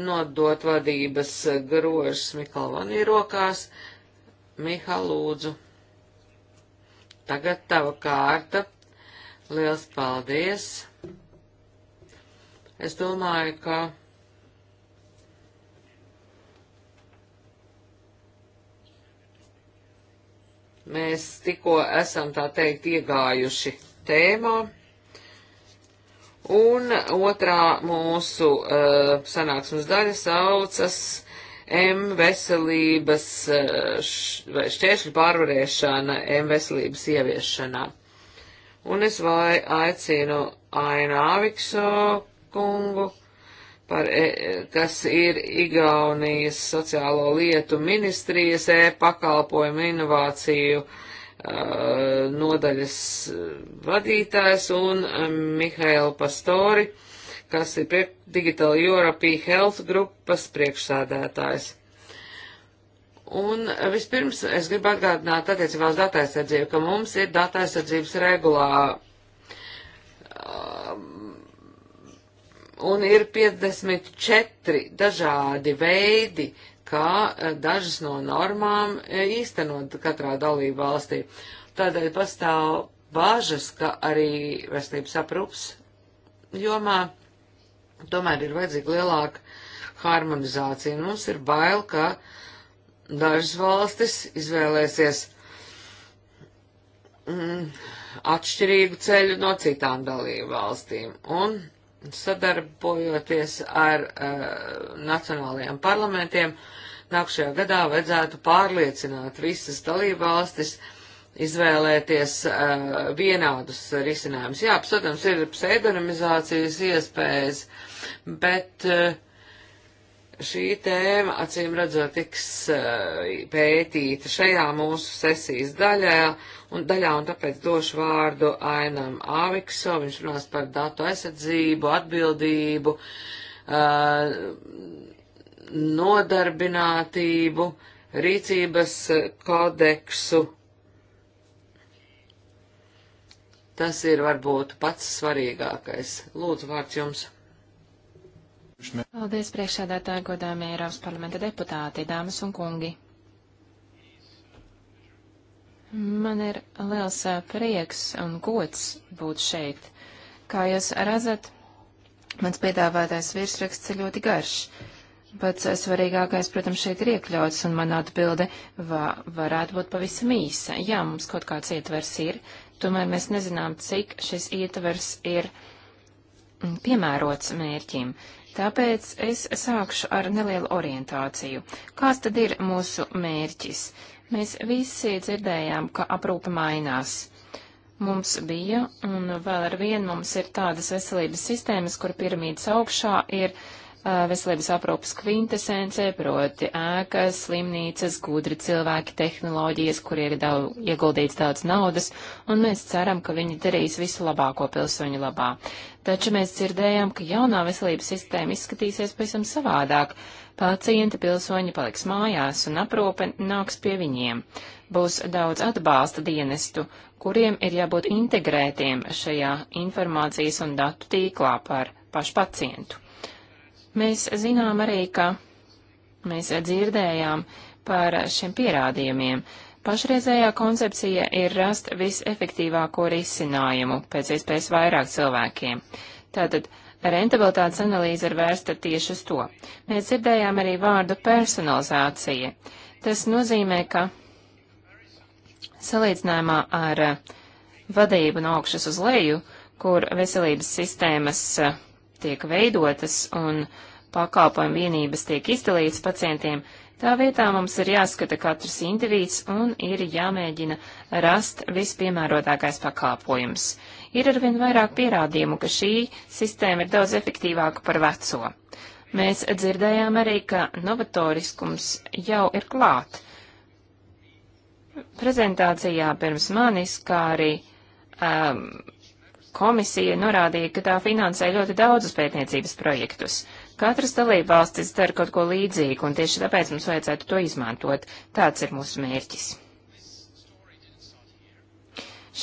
nodot vadības grožas Mikalvanī rokās. Mihā, lūdzu. Tagad tava kārta. Liels paldies! Es domāju, ka Mēs tikko esam, tā teikt, iegājuši tēmā. Un otrā mūsu uh, sanāksmes daļa saucas M veselības eh, š, vai šķēršļu pārvarēšana M veselības ieviešanā. Un es vai aicinu Ainu Avikso kungu par, e, kas ir Igaunijas sociālo lietu ministrijas e-pakalpojumu inovāciju e, nodaļas vadītājs un e, Mihaila Pastori, kas ir Digital Europe Health grupas priekšsādētājs. Un vispirms es gribu atgādināt attiecībā uz dataizsardzību, ka mums ir dataizsardzības regulā um, un ir 54 dažādi veidi, kā eh, dažas no normām eh, īstenot katrā dalību valstī. Tādēļ pastāv bāžas, ka arī veselības aprūps jomā tomēr ir vajadzīga lielāka harmonizācija. Un mums ir bail, ka dažas valstis izvēlēsies mm, atšķirīgu ceļu no citām dalību valstīm. Un sadarbojoties ar uh, nacionālajiem parlamentiem, nākšajā gadā vajadzētu pārliecināt visas dalībvalstis izvēlēties uh, vienādus risinājumus. Jā, protams, ir pseidonimizācijas iespējas, bet uh, Šī tēma, acīm redzot, tiks eh, pētīta šajā mūsu sesijas daļā, un, daļā, un tāpēc došu vārdu Ainam Avikso, viņš runās par datu aizsardzību, atbildību, eh, nodarbinātību, rīcības kodeksu. Tas ir varbūt pats svarīgākais. Lūdzu, vārds jums. Paldies, priekšsēdētāji, godāmie Eiropas parlamenta deputāti, dāmas un kungi. Man ir liels eh, prieks un gods būt šeit. Kā jūs redzat, mans piedāvātais virsraksts ir ļoti garš. Pats svarīgākais, protams, šeit ir iekļauts, un mana atbilde va, varētu būt pavisam īsa. Jā, mums kaut kāds ietvers ir, tomēr mēs nezinām, cik šis ietvers ir mm, piemērots mērķim. Tāpēc es sākšu ar nelielu orientāciju. Kāds tad ir mūsu mērķis? Mēs visi dzirdējām, ka aprūpe mainās. Mums bija, un vēl ar vienu mums ir tādas veselības sistēmas, kur piramīdas augšā ir uh, veselības aprūpas kvintesence, proti ēkas, slimnīcas, gudri cilvēki, tehnoloģijas, kur ir daudz, ieguldīts daudz naudas, un mēs ceram, ka viņi darīs visu labāko pilsoņu labā. Taču mēs dzirdējām, ka jaunā veselības sistēma izskatīsies pavisam savādāk. Pacienti pilsoņi paliks mājās un aprūpe nāks pie viņiem. Būs daudz atbalsta dienestu, kuriem ir jābūt integrētiem šajā informācijas un datu tīklā par pašu pacientu. Mēs zinām arī, ka mēs dzirdējām par šiem pierādījumiem. Pašreizējā koncepcija ir rast visefektīvāko risinājumu pēc iespējas vairāk cilvēkiem. Tātad rentabilitātes analīze ir vērsta tieši uz to. Mēs dzirdējām arī vārdu personalizācija. Tas nozīmē, ka salīdzinājumā ar vadību no augšas uz leju, kur veselības sistēmas uh, tiek veidotas un pakalpojumu vienības tiek izdalītas pacientiem, tā vietā mums ir jāskata katrs individs un ir jāmēģina rast vispiemērotākais pakāpojums. Ir arvien vairāk pierādījumu, ka šī sistēma ir daudz efektīvāka par veco. Mēs dzirdējām arī, ka novatoriskums jau ir klāt. Prezentācijā pirms manis, kā arī um, komisija norādīja, ka tā finansē ļoti daudzus pētniecības projektus. Katras dalībvalstis dara kaut ko līdzīgu, un tieši tāpēc mums vajadzētu to izmantot. Tāds ir mūsu mērķis.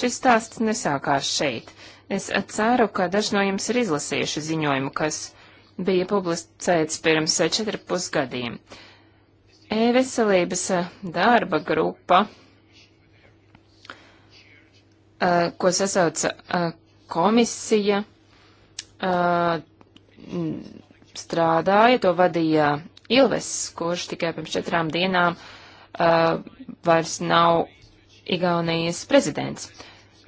Šis stāsts nesākās šeit. Es ceru, ka daži no jums ir izlasījuši ziņojumu, kas bija publicēts pirms 4,5 gadiem. E-veselības eh, darba grupa eh, ko sasauca eh, komisija uh, strādāja, to vadīja Ilves, kurš tikai pirms četrām dienām uh, vairs nav Igaunijas prezidents.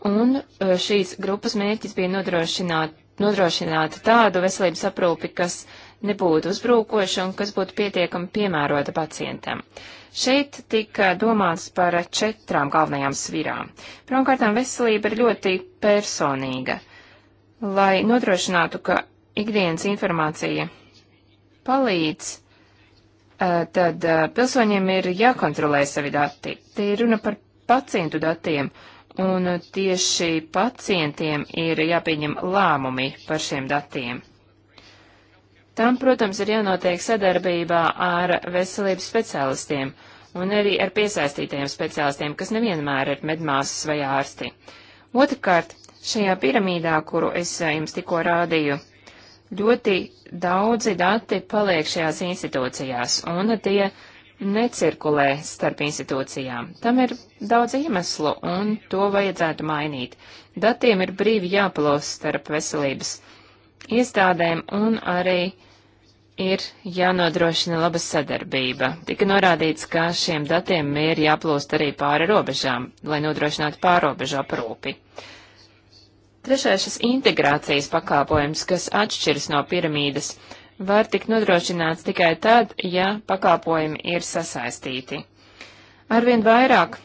Un uh, šīs grupas mērķis bija nodrošināt, nodrošināt tādu veselības aprūpi, kas nebūtu uzbrūkoša un kas būtu pietiekami piemērota pacientam. Šeit tika domāts par četrām galvenajām svirām. Pirmkārt, veselība ir ļoti personīga. Lai nodrošinātu, ka ikdienas informācija palīdz, eh, tad eh, pilsoņiem ir jākontrolē savi dati. Te ir runa par pacientu datiem, un tieši pacientiem ir jāpieņem lēmumi par šiem datiem. Tam, protams, ir jānotiek sadarbībā ar veselības speciālistiem un arī ar piesaistītajiem speciālistiem, kas nevienmēr ir medmāsas vai ārsti. Otrakārt, šajā piramīdā, kuru es eh, jums tikko rādīju, ļoti daudzi dati paliek šajās institūcijās, un tie necirkulē starp institūcijām. Tam ir daudz iemeslu, un to vajadzētu mainīt. Datiem ir brīvi jāpalos starp veselības iestādēm un arī ir jānodrošina laba sadarbība. Tika norādīts, ka šiem datiem ir jāplūst arī pāri robežām, lai nodrošinātu pārobežu aprūpi. Trešais šis integrācijas pakāpojums, kas atšķiras no piramīdas, var tikt nodrošināts tikai tad, ja pakāpojumi ir sasaistīti. Arvien vairāk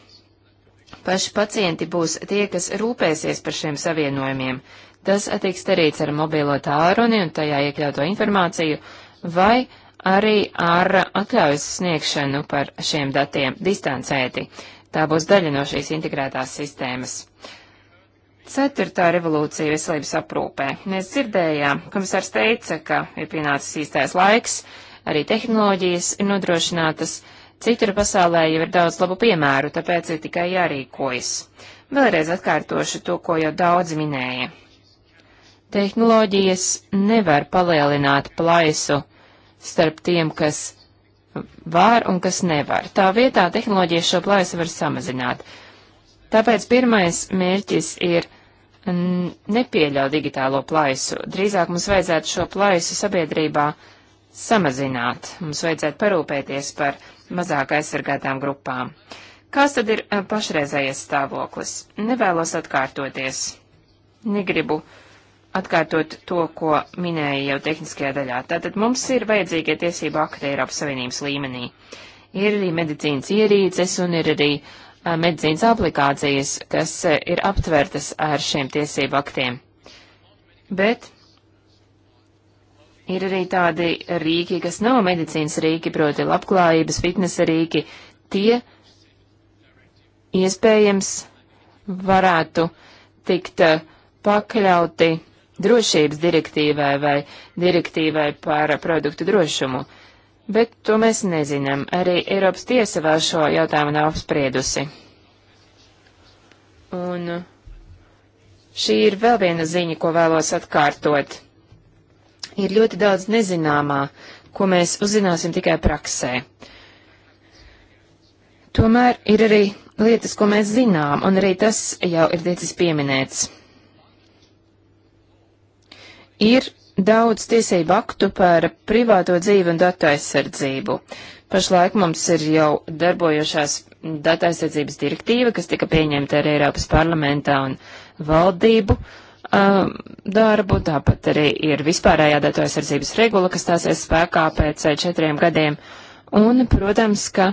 paši pacienti būs tie, kas rūpēsies par šiem savienojumiem, tas tiks darīts ar mobilo tālruni un tajā iekļauto informāciju, vai arī ar atļaujas sniegšanu par šiem datiem distancēti. Tā būs daļa no šīs integrētās sistēmas. Ceturtā revolūcija veselības aprūpē. Mēs dzirdējām, komisārs teica, ka ir pienācis īstais laiks, arī tehnoloģijas ir nodrošinātas, citur pasaulē jau ir daudz labu piemēru, tāpēc ir tikai jārīkojas. Vēlreiz atkārtošu to, ko jau daudzi minēja. Tehnoloģijas nevar palielināt plaisu starp tiem, kas var un kas nevar. Tā vietā tehnoloģijas šo plaisu var samazināt. Tāpēc pirmais mērķis ir nepieļaut digitālo plaisu. Drīzāk mums vajadzētu šo plaisu sabiedrībā samazināt. Mums vajadzētu parūpēties par mazāk aizsargātām grupām. Kāds tad ir pašreizējais stāvoklis? Nevēlos atkārtoties. Negribu uh, atkārtot to, ko minēja jau tehniskajā daļā. Tātad mums ir vajadzīgie tiesību akti Eiropas Savienības līmenī. Ir arī medicīnas ierīces un ir arī a, medicīnas aplikācijas, kas a, ir aptvertas ar šiem tiesību aktiem. Bet ir arī tādi rīki, kas nav medicīnas rīki, proti labklājības, fitnesa rīki. Tie iespējams varētu tikt pakļauti drošības direktīvai vai direktīvai par produktu drošumu, bet to mēs nezinām. Arī Eiropas tiesa vēl šo jautājumu nav apspriedusi. Un šī ir vēl viena ziņa, ko vēlos atkārtot. Ir ļoti daudz nezināmā, ko mēs uzzināsim tikai praksē. Tomēr ir arī lietas, ko mēs zinām, un arī tas jau ir ticis pieminēts. Ir daudz tiesību aktu par privāto dzīvi un datu aizsardzību. Pašlaik mums ir jau darbojošās datu aizsardzības direktīva, kas tika pieņemta ar Eiropas parlamentā un valdību um, darbu. Tāpat arī ir vispārējā datu aizsardzības regula, kas stāsies spēkā pēc eh, četriem gadiem. Un, protams, ka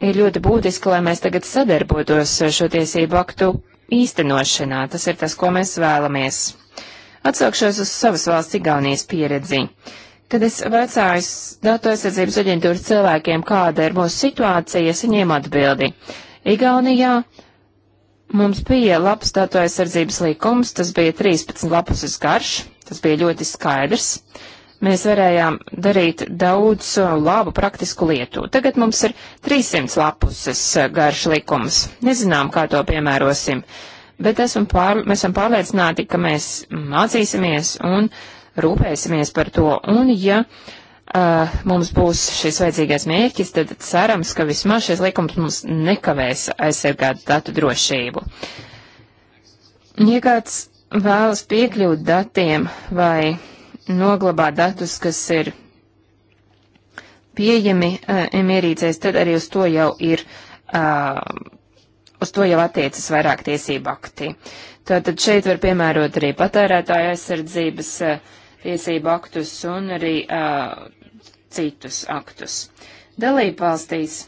ir ļoti būtiski, lai mēs tagad sadarbotos šo tiesību aktu īstenošanā. Tas ir tas, ko mēs vēlamies. Atsaukšos uz savas valsts Igaunijas pieredzi. Kad es vecājos datu aizsardzības aģentūras cilvēkiem, kāda ir mūsu situācija, saņēmu atbildi. Igaunijā mums bija labs datu aizsardzības likums, tas bija 13 lapuses garš, tas bija ļoti skaidrs. Mēs varējām darīt daudz uh, labu praktisku lietu. Tagad mums ir 300 lapuses uh, garš likums. Nezinām, kā to piemērosim. Uh, bet esam pār, mēs esam pārliecināti, ka mēs mācīsimies un rūpēsimies par to. Un, ja uh, mums būs šis vajadzīgais mērķis, tad cerams, ka vismaz šis likums mums nekavēs aizsargāt datu drošību. Ja kāds vēlas piekļūt datiem vai noglabāt datus, kas ir pieejami uh, mierīcēs, tad arī uz to jau ir uh, uz to jau attiecas vairāk tiesību akti. Tātad šeit var piemērot arī patērētāja aizsardzības eh, tiesību aktus un arī uh, citus aktus. Dalību valstīs.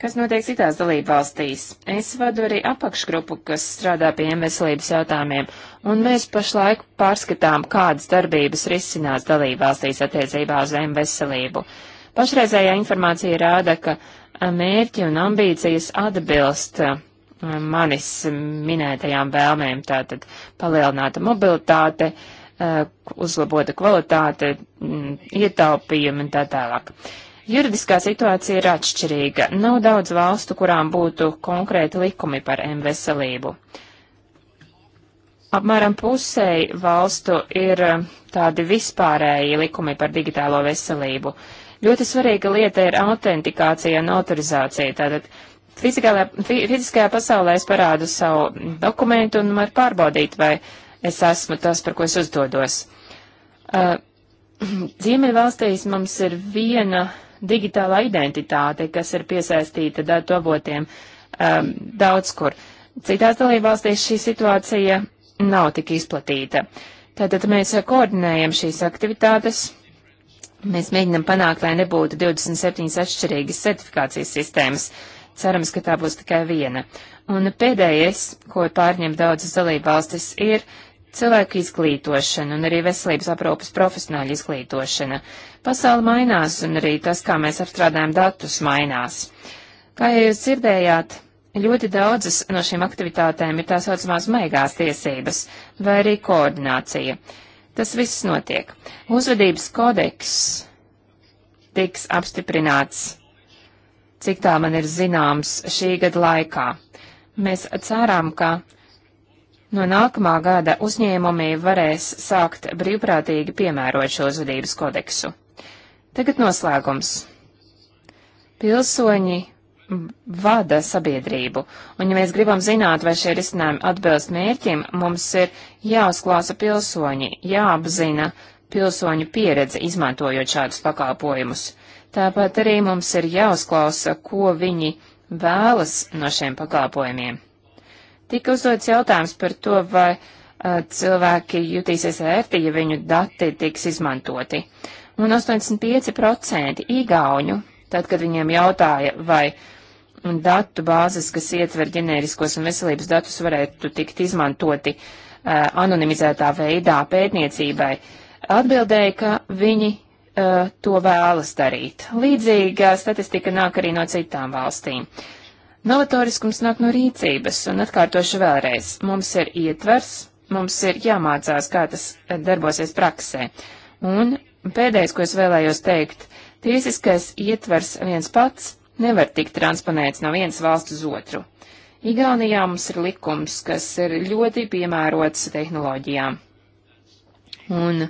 Kas notiek citās dalību valstīs? Es vadu arī apakšgrupu, kas strādā pie veselības jautājumiem, un mēs pašlaik pārskatām, kādas darbības risinās dalību valstīs attiecībā uz veselību. Pašreizējā informācija rāda, ka uh, mērķi un ambīcijas atbilst uh, manis minētajām vēlmēm, tātad palielināta mobilitāte, uh, uzlabota kvalitāte, mm, ietaupījumi un tā tālāk. Juridiskā situācija ir atšķirīga. Nav daudz valstu, kurām būtu konkrēti likumi par M-veselību. Apmēram pusēji valstu ir uh, tādi vispārēji likumi par digitālo veselību. Uh, Ļoti svarīga lieta ir autentikācija un autorizācija. Tātad fizikālā, fiziskajā pasaulē es parādu savu dokumentu un varu pārbaudīt, vai es esmu tas, par ko es uzdodos. Uh, Ziemeļvalstīs mums ir viena digitālā identitāte, kas ir piesaistīta datu avotiem um, daudz kur. Citās dalībvalstīs šī situācija nav tik izplatīta. Tātad mēs koordinējam šīs aktivitātes Mēs mēģinam panākt, lai nebūtu 27 atšķirīgas certifikācijas sistēmas. Cerams, ka tā būs tikai viena. Un pēdējais, ko pārņem daudzas dalībvalstis, ir cilvēku izglītošana un arī veselības aprūpas profesionāļu izglītošana. Pasauli mainās un arī tas, kā mēs apstrādājam datus, mainās. Kā jau jūs dzirdējāt, ļoti daudzas no šīm aktivitātēm ir tā saucamās maigās tiesības vai arī koordinācija. Tas viss notiek. Uzvedības kodeks tiks apstiprināts, cik tā man ir zināms, šī gada laikā. Mēs cerām, ka no nākamā gada uzņēmumi varēs sākt brīvprātīgi piemērot šo uzvedības kodeksu. Tagad noslēgums. Pilsoņi vada sabiedrību. Un, ja mēs gribam zināt, vai šie risinājumi atbilst mērķim, mums ir jāuzklāsa pilsoņi, jāapzina pilsoņu pieredze, izmantojot šādus pakalpojumus. Tāpat arī mums ir jāuzklausa, ko viņi vēlas no šiem pakalpojumiem. Tika uzdots jautājums par to, vai uh, cilvēki jutīsies ērti, ja viņu dati tiks izmantoti. Un 85% īgauņu Tad, kad viņiem jautāja, vai datu bāzes, kas ietver ģenēriskos un veselības datus, varētu tikt izmantoti uh, anonimizētā veidā pētniecībai, atbildēja, ka viņi uh, to vēlas darīt. Līdzīga statistika nāk arī no citām valstīm. Novatoriskums nāk no rīcības, un atkārtošu vēlreiz, mums ir ietvers, mums ir jāmācās, kā tas eh, darbosies praksē. Un pēdējais, ko es vēlējos teikt, Tiesiskais ietvers viens pats nevar tikt transponēts no vienas valsts uz otru. Igaunijā mums ir likums, kas ir ļoti piemērots tehnoloģijām. Un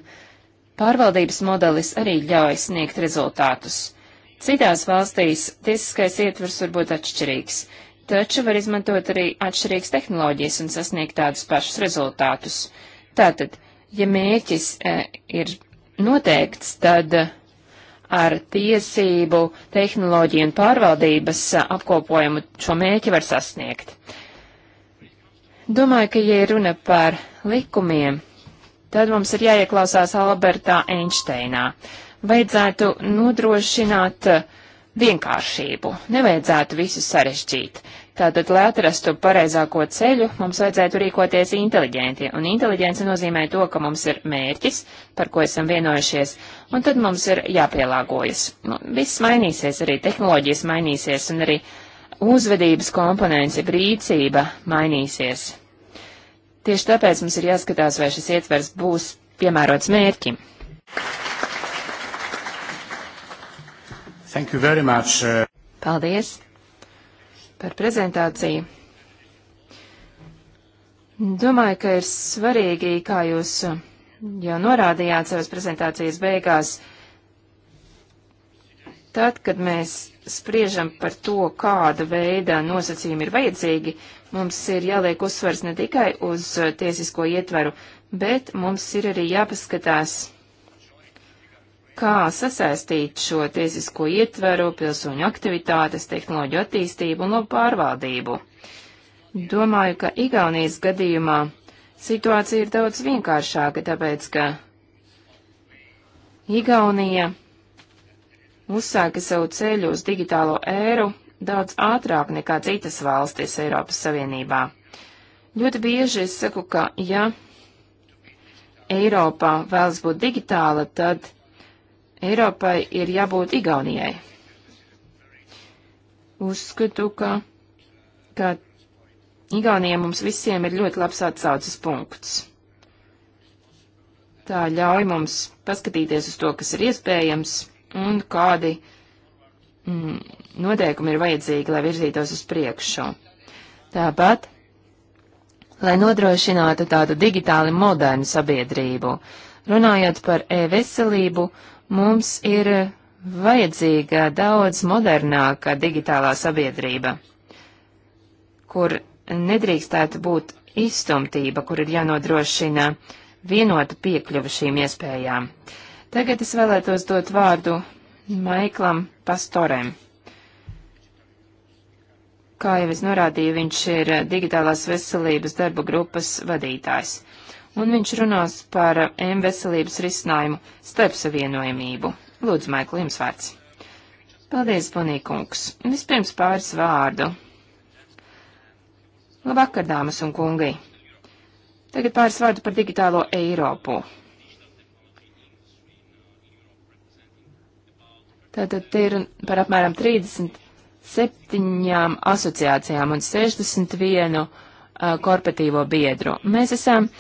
pārvaldības modelis arī ļauj sniegt rezultātus. Citās valstīs tiesiskais ietvers var būt atšķirīgs, taču var izmantot arī atšķirīgas tehnoloģijas un sasniegt tādus pašus rezultātus. Tātad, ja mērķis e, ir noteikts, tad ar tiesību, tehnoloģiju un pārvaldības apkopojumu šo mēķi var sasniegt. Domāju, ka, ja runa par likumiem, tad mums ir jāieklausās Albertā Einšteinā. Vajadzētu nodrošināt vienkāršību, nevajadzētu visu sarežģīt. Tātad, lai atrastu pareizāko ceļu, mums vajadzētu rīkoties inteliģenti, un inteliģence nozīmē to, ka mums ir mērķis, par ko esam vienojušies, un tad mums ir jāpielāgojas. Nu, viss mainīsies, arī tehnoloģijas mainīsies, un arī uzvedības komponents, rīcība mainīsies. Tieši tāpēc mums ir jāskatās, vai šis ietvers būs piemērots mērķim. Thank you very much. Uh, Paldies par prezentāciju. Domāju, ka ir svarīgi, kā jūs jau norādījāt savas prezentācijas beigās, tad, kad mēs spriežam par to, kāda veida nosacījumi ir vajadzīgi, mums ir jāliek uzsvars ne tikai uz tiesisko ietveru, bet mums ir arī jāpaskatās kā sasaistīt šo tiesisko ietveru, pilsoņu aktivitātes, tehnoloģiju attīstību un labu pārvaldību. Domāju, ka Igaunijas gadījumā situācija ir daudz vienkāršāka, tāpēc, ka Igaunija uzsāka savu ceļu uz digitālo ēru daudz ātrāk nekā citas valstis Eiropas Savienībā. Ļoti bieži es saku, ka ja Eiropā vēlas būt digitāla, tad Eiropai ir jābūt Igaunijai. Uzskatu, ka, ka Igaunijai mums visiem ir ļoti labs atsaucas punkts. Tā ļauj mums paskatīties uz to, kas ir iespējams un kādi mm, noteikumi ir vajadzīgi, lai virzītos uz priekšu. Tāpat, lai nodrošinātu tādu digitāli modernu sabiedrību, runājot par e-veselību, Mums ir vajadzīga daudz modernāka digitālā sabiedrība, kur nedrīkstētu būt izstumtība, kur ir jānodrošina vienota piekļuva šīm iespējām. Tagad es vēlētos dot vārdu Maiklam Pastorem. Kā jau es norādīju, viņš ir digitālās veselības darba grupas vadītājs un viņš runās par eh, M veselības risinājumu starp savienojamību. Lūdzu, Maikl, jums vārds. Paldies, Bonīkungs. Vispirms pāris vārdu. Labvakar, dāmas un kungi. Tagad pāris vārdu par digitālo Eiropu. Tātad te ir par apmēram 37 asociācijām un 61 uh, eh, korporatīvo biedru. Mēs esam uh,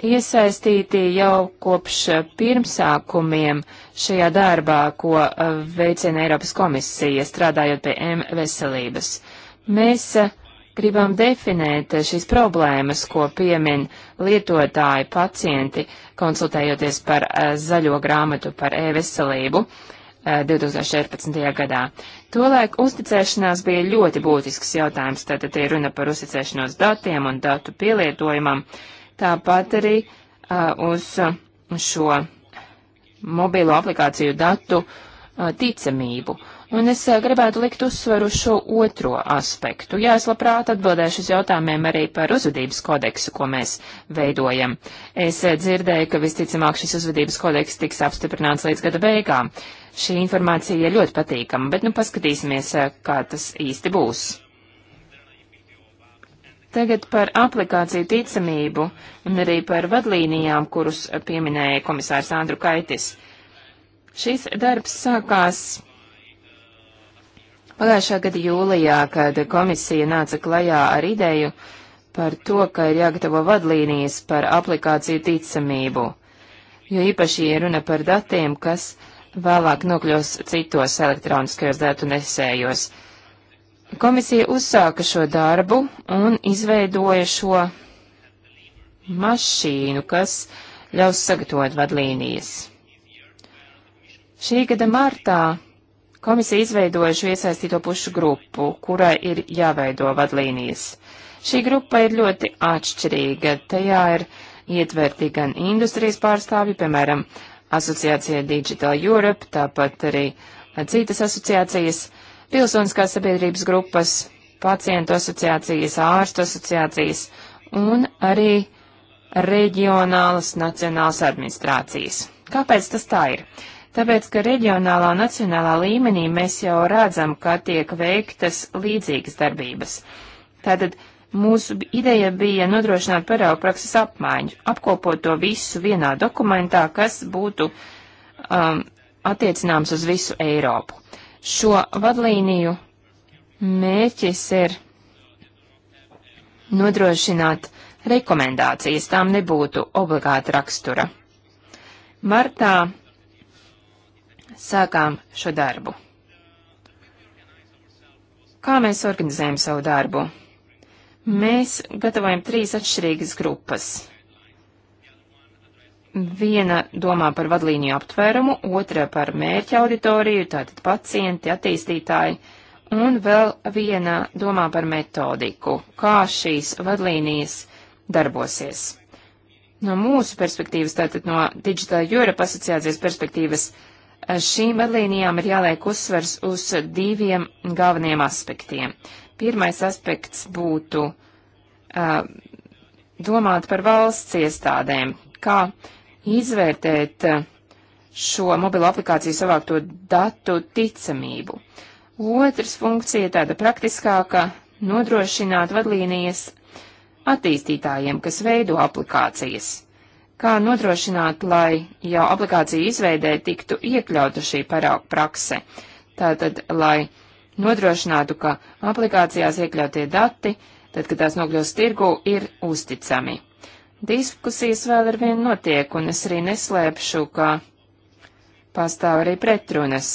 iesaistīti jau kopš pirmsākumiem šajā darbā, ko uh, veicina Eiropas komisija, strādājot pie M veselības. Mēs uh, gribam definēt uh, šīs problēmas, ko piemin lietotāji, pacienti, konsultējoties par zaļo grāmatu par e-veselību. 2014. gadā. Tolēk uzticēšanās bija ļoti būtisks jautājums, tātad ir runa par uzticēšanos datiem un datu pielietojumam. Uh, tāpat arī uh, uz šo mobilo aplikāciju datu uh, ticamību. Un es uh, gribētu likt uzsveru uz šo otro aspektu. Jā, es labprāt atbildēšu uz jautājumiem arī par uzvedības kodeksu, ko mēs veidojam. Es uh, dzirdēju, ka visticamāk šis uzvedības kodeks tiks apstiprināts līdz gada beigām. Šī informācija ir ļoti patīkama, bet nu paskatīsimies, kā tas īsti būs. Tagad par aplikāciju ticamību un arī par vadlīnijām, kurus pieminēja komisārs Andru Kaitis. Šis darbs sākās pagājušā gada jūlijā, kad komisija nāca klajā ar ideju par to, ka ir jāgatavo vadlīnijas par aplikāciju ticamību, jo īpaši ir runa par datiem, kas vēlāk nokļūs citos elektroniskajos datu nesējos. Komisija uzsāka šo darbu un izveidoja šo mašīnu, kas ļaus sagatavot vadlīnijas. Šī gada martā komisija izveidoja šo iesaistīto pušu grupu, kurai ir jāveido vadlīnijas. Šī grupa ir ļoti atšķirīga. Tajā ir ietverti gan industrijas pārstāvji, piemēram, asociācija Digital Europe, tāpat arī citas asociācijas pilsoniskās sabiedrības grupas, pacientu asociācijas, ārstu asociācijas un arī reģionālas nacionālas administrācijas. Kāpēc tas tā ir? Tāpēc, ka reģionālā un nacionālā līmenī mēs jau redzam, ka tiek veiktas līdzīgas darbības. Tātad mūsu ideja bija nodrošināt paraugu prakses apmaiņu, apkopot to visu vienā dokumentā, kas būtu um, attiecināms uz visu Eiropu. Šo vadlīniju mērķis ir nodrošināt rekomendācijas, tām nebūtu obligāta rakstura. Martā sākām šo darbu. Kā mēs organizējam savu darbu? Mēs gatavojam trīs atšķirīgas grupas. Viena domā par vadlīniju aptvērumu, otra par mērķa auditoriju, tātad pacienti, attīstītāji, un vēl viena domā par metodiku, kā šīs vadlīnijas darbosies. No mūsu perspektīvas, tātad no Digital Europe asociācijas perspektīvas, šīm vadlīnijām ir jāliek uzsvers uz diviem galveniem aspektiem. Pirmais aspekts būtu uh, domāt par valsts iestādēm, kā izvērtēt eh, šo mobilo aplikāciju savākto datu ticamību. Otrs funkcija tāda praktiskāka - nodrošināt vadlīnijas attīstītājiem, kas veido aplikācijas. Kā nodrošināt, lai jau aplikāciju izveidē tiktu iekļauta šī parauga prakse? Tātad, lai nodrošinātu, ka aplikācijās iekļautie dati, tad, kad tās nokļūst tirgu, ir uzticami. Diskusijas vēl ar vienu notiek, un es arī neslēpšu, ka pastāv arī pretrunas.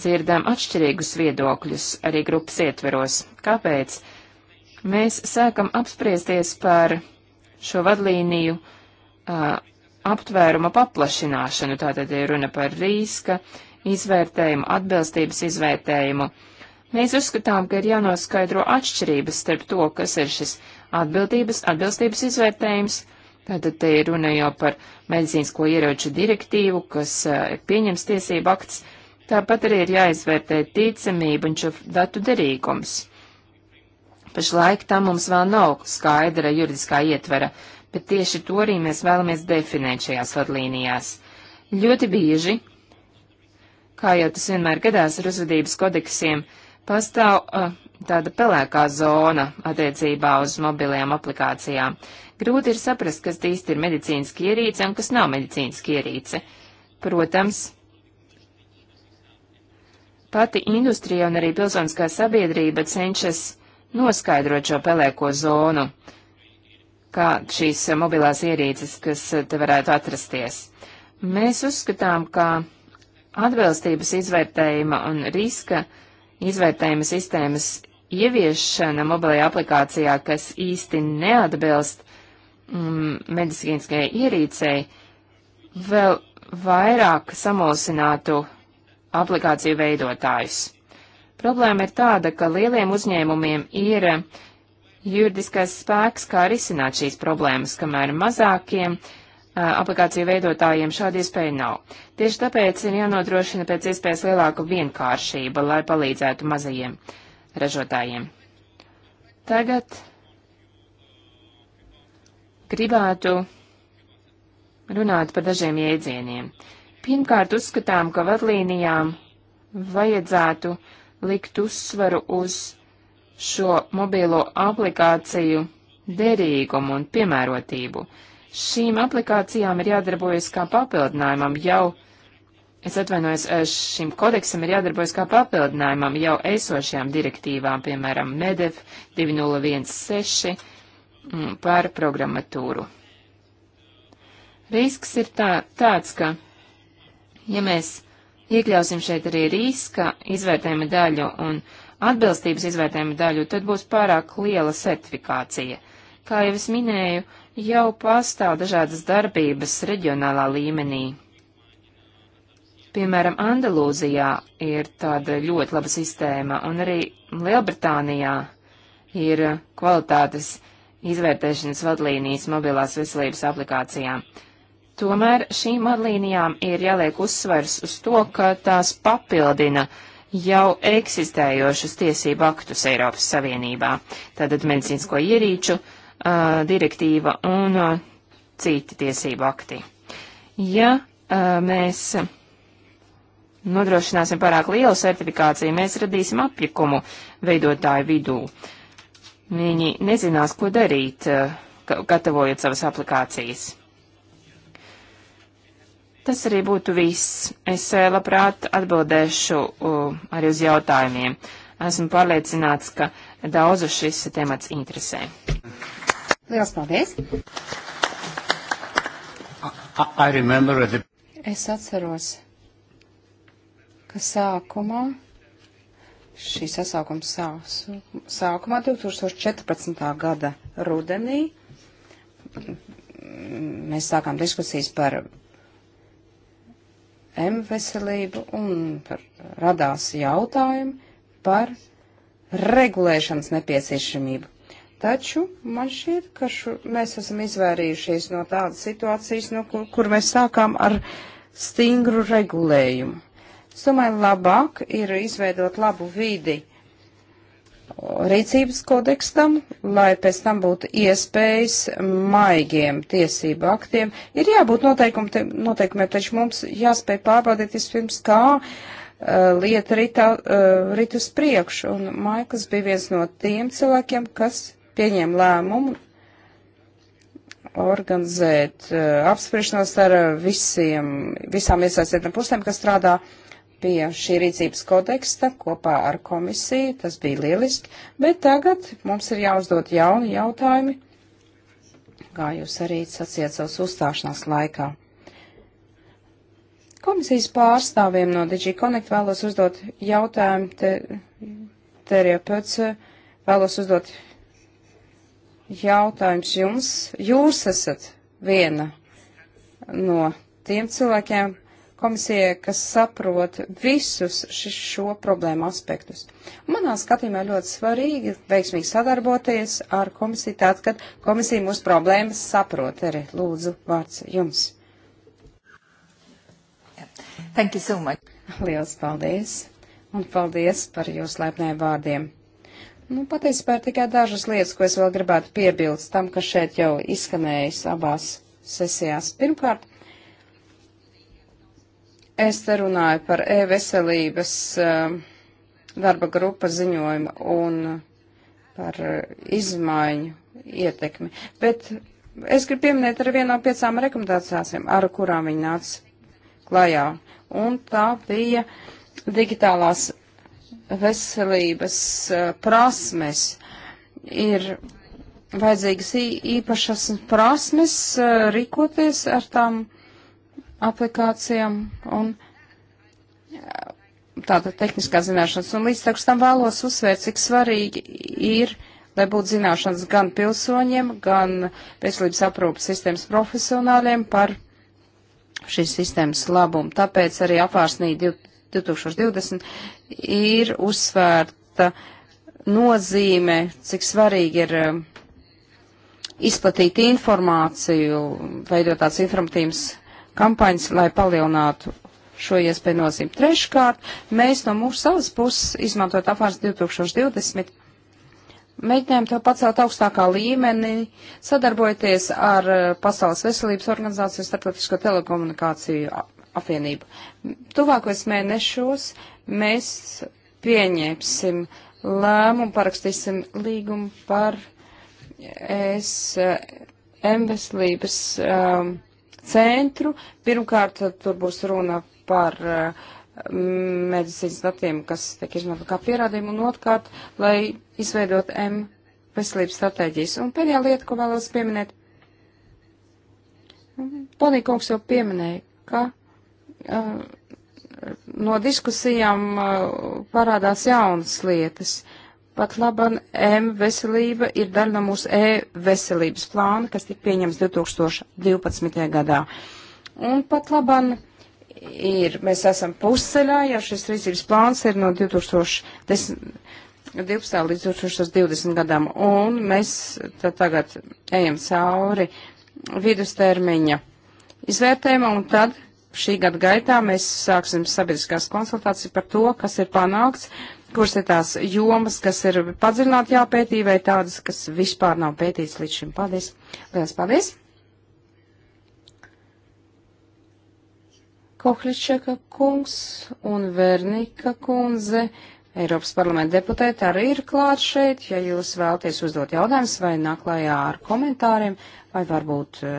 Dzirdam atšķirīgus viedokļus arī grupas ietveros. Kāpēc? Mēs sākam apspriesties par šo vadlīniju uh, aptvēruma paplašināšanu, tātad ir runa par riska izvērtējumu, atbilstības izvērtējumu. Mēs uzskatām, ka ir jānoskaidro atšķirības starp to, kas ir šis atbildības, atbilstības izvērtējums. Tātad te ir runa jau par medicīnisko ieroču direktīvu, kas pieņems tiesību akts. Tāpat arī ir jāizvērtē ticamība un šo datu derīgums. Pašlaik tam mums vēl nav skaidra juridiskā ietvera, bet tieši to arī mēs vēlamies definēt šajās vadlīnijās. Ļoti bieži, kā jau tas vienmēr gadās ar uzvedības kodeksiem, pastāv uh, tāda pelēkā zona attiecībā uz mobilajām aplikācijām. Grūti ir saprast, kas īsti ir medicīniski ierīce un kas nav medicīniski ierīce. Protams, pati industrija un arī pilsoniskā sabiedrība cenšas noskaidrot šo pelēko zonu, kā šīs mobilās ierīces, kas te varētu atrasties. Mēs uzskatām, ka atbilstības izvērtējuma un riska izvērtējuma sistēmas ieviešana mobilajā aplikācijā, kas īsti neatbilst mm, medicīniskajai ierīcei, vēl vairāk samulsinātu aplikāciju veidotājus. Problēma ir tāda, ka lieliem uzņēmumiem ir juridiskais spēks, kā risināt šīs problēmas, kamēr mazākiem aplikāciju veidotājiem šāda iespēja nav. Tieši tāpēc ir jānodrošina pēc iespējas lielāka vienkāršība, lai palīdzētu mazajiem. Uh, ražotājiem. Tagad gribētu runāt par dažiem jēdzieniem. Pirmkārt, uzskatām, ka vadlīnijām vajadzētu likt uzsvaru uz šo mobīlo aplikāciju derīgumu un piemērotību. Šīm aplikācijām ir jādarbojas kā papildinājumam jau Es atvainojos, eh, šim kodeksam ir jādarbojas kā papildinājumam jau esošajām direktīvām, piemēram, MEDEV 2016 mm, par programmatūru. Risks ir tā, tāds, ka, ja mēs iekļausim šeit arī riska izvērtējuma daļu un atbilstības izvērtējuma daļu, tad būs pārāk liela certifikācija. Kā jau es minēju, jau pastāv dažādas darbības reģionālā līmenī Piemēram, Andalūzijā ir tāda ļoti laba sistēma, un arī Lielbritānijā ir kvalitātes izvērtēšanas vadlīnijas mobilās veselības aplikācijām. Tomēr šīm vadlīnijām ir jāliek uzsvers uz to, ka tās papildina jau eksistējošus tiesību aktus Eiropas Savienībā. Tātad medicīnsko ierīču uh, direktīva un uh, citi tiesību akti. Ja uh, mēs nodrošināsim pārāk lielu certifikāciju, mēs radīsim apjukumu veidotāju vidū. Viņi nezinās, ko darīt, eh, gatavojot savas aplikācijas. Tas arī būtu viss. Es eh, labprāt atbildēšu uh, arī uz jautājumiem. Esmu pārliecināts, ka daudzu šis temats interesē. Lielas paldies! I, I the... Es atceros ka sākumā šī sasaukuma sās, sākumā 2014. gada rudenī mēs sākām diskusijas par M veselību un par radās jautājumu par regulēšanas nepieciešamību. Taču man šķiet, ka šu, mēs esam izvairījušies no tādas situācijas, no kur, kur mēs sākām ar stingru regulējumu. Es domāju, labāk ir izveidot labu vidi rīcības kodekstam, lai pēc tam būtu iespējas maigiem tiesību aktiem. Ir jābūt noteikumiem, noteikumiem taču mums jāspēj pārbaudīt vispirms, kā eh, lieta rita, eh, rit uz priekšu. Un Maikls bija viens no tiem cilvēkiem, kas pieņēma lēmumu organizēt eh, apspriešanos ar visiem, visām iesaistītām pusēm, kas strādā pie šī rīcības kodeksta kopā ar komisiju, tas bija lieliski, bet tagad mums ir jāuzdod jauni jautājumi, kā jūs arī sacījāt savas uzstāšanās laikā. Komisijas pārstāvjiem no DigiConnect vēlos uzdot jautājumu, te, Terija Pöce, eh, vēlos uzdot jautājums jums. Jūs esat viena no tiem cilvēkiem, komisijai, kas saprot visus šis, šo problēmu aspektus. Manā skatījumā ļoti svarīgi veiksmīgi sadarboties ar komisiju tāds, kad komisija mūsu problēmas saprot. Arī lūdzu vārds jums. Thank you so much. Liels paldies. Un paldies par jūsu laipniem vārdiem. Nu, patiesībā ir tikai dažas lietas, ko es vēl gribētu piebilst tam, kas šeit jau izskanējis abās sesijās. Pirmkārt, Es te runāju par e-veselības um, darba grupas ziņojumu un par izmaiņu ietekmi. Bet es gribu pieminēt ar vienu no piecām rekomendācijām, ar kurām viņi nāca klajā. Un tā bija digitālās veselības uh, prasmes. Ir vajadzīgas īpašas prasmes uh, rīkoties ar tām. Uh, aplikācijām un tātad tehniskā zināšanas. Un līdz tam vēlos uzsvērt, cik svarīgi ir, lai būtu zināšanas gan pilsoņiem, gan veselības aprūpas sistēmas profesionāļiem par šīs sistēmas labumu. Tāpēc arī apvārsnī 2020 ir uzsvērta nozīme, cik svarīgi ir um, izplatīt informāciju, veidot tāds informatīvs kampaņas, lai palielinātu šo iespēju nozīmi. Treškārt, mēs no mūsu savas puses izmantot apvārs 2020 mēģinājām to pacelt augstākā līmenī, sadarbojoties ar eh, Pasaules veselības organizāciju starptautisko telekomunikāciju apvienību. Tuvākos mēnešos mēs pieņemsim lēmumu, parakstīsim līgumu par es M eh, e, veselības um, ehm, centru. Pirmkārt, tur būs runa par uh, medicīnas datiem, kas tiek izmantot kā pierādījumu, un otrkārt, lai izveidot M veselības stratēģijas. Un pēdējā lieta, ko vēlos pieminēt, Ponīkungs jau pieminēja, ka uh, no diskusijām uh, parādās jaunas lietas. Pat laban M veselība ir daļa no mūsu E veselības plāna, kas tika pieņems 2012. gadā. Un pat laban ir, mēs esam pusceļā, ja šis rīcības plāns ir no 2010. 12. līdz 2020 gadam, un mēs tagad ejam cauri vidustermiņa izvērtējumu, un tad šī gada gaitā mēs sāksim sabiedriskās konsultācijas par to, kas ir panākts, kuras ir tās jomas, kas ir padziļināti jāpētī, vai tādas, kas vispār nav pētīts līdz šim. Paldies! Lielas paldies! Kohličeka kungs un Vernika kundze, Eiropas parlamenta deputēti arī ir klāt šeit. Ja jūs vēlaties uzdot jautājumus vai naklājā ar komentāriem, vai varbūt eh,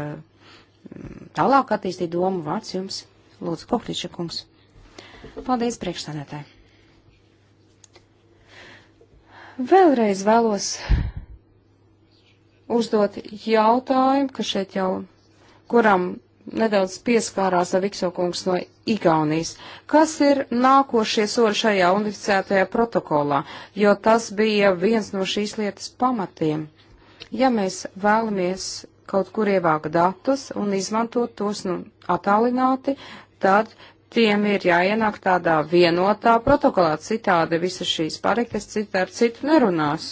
tālāk attīstīt domu vārds jums, Lūdzu, Kohličeka kungs. Paldies priekšstādētāji! Vēlreiz vēlos uzdot jautājumu, ka šeit jau kuram nedaudz pieskārās Aviksokungs no Igaunijas. Kas ir nākošie soļi šajā unificētajā protokolā? Jo tas bija viens no šīs lietas pamatiem. Ja mēs vēlamies kaut kur ievākt datus un izmantot tos nu, attālināti, tad tiem ir jāienāk tādā vienotā protokolā, citādi visas šīs pārīkas cita ar citu nerunās.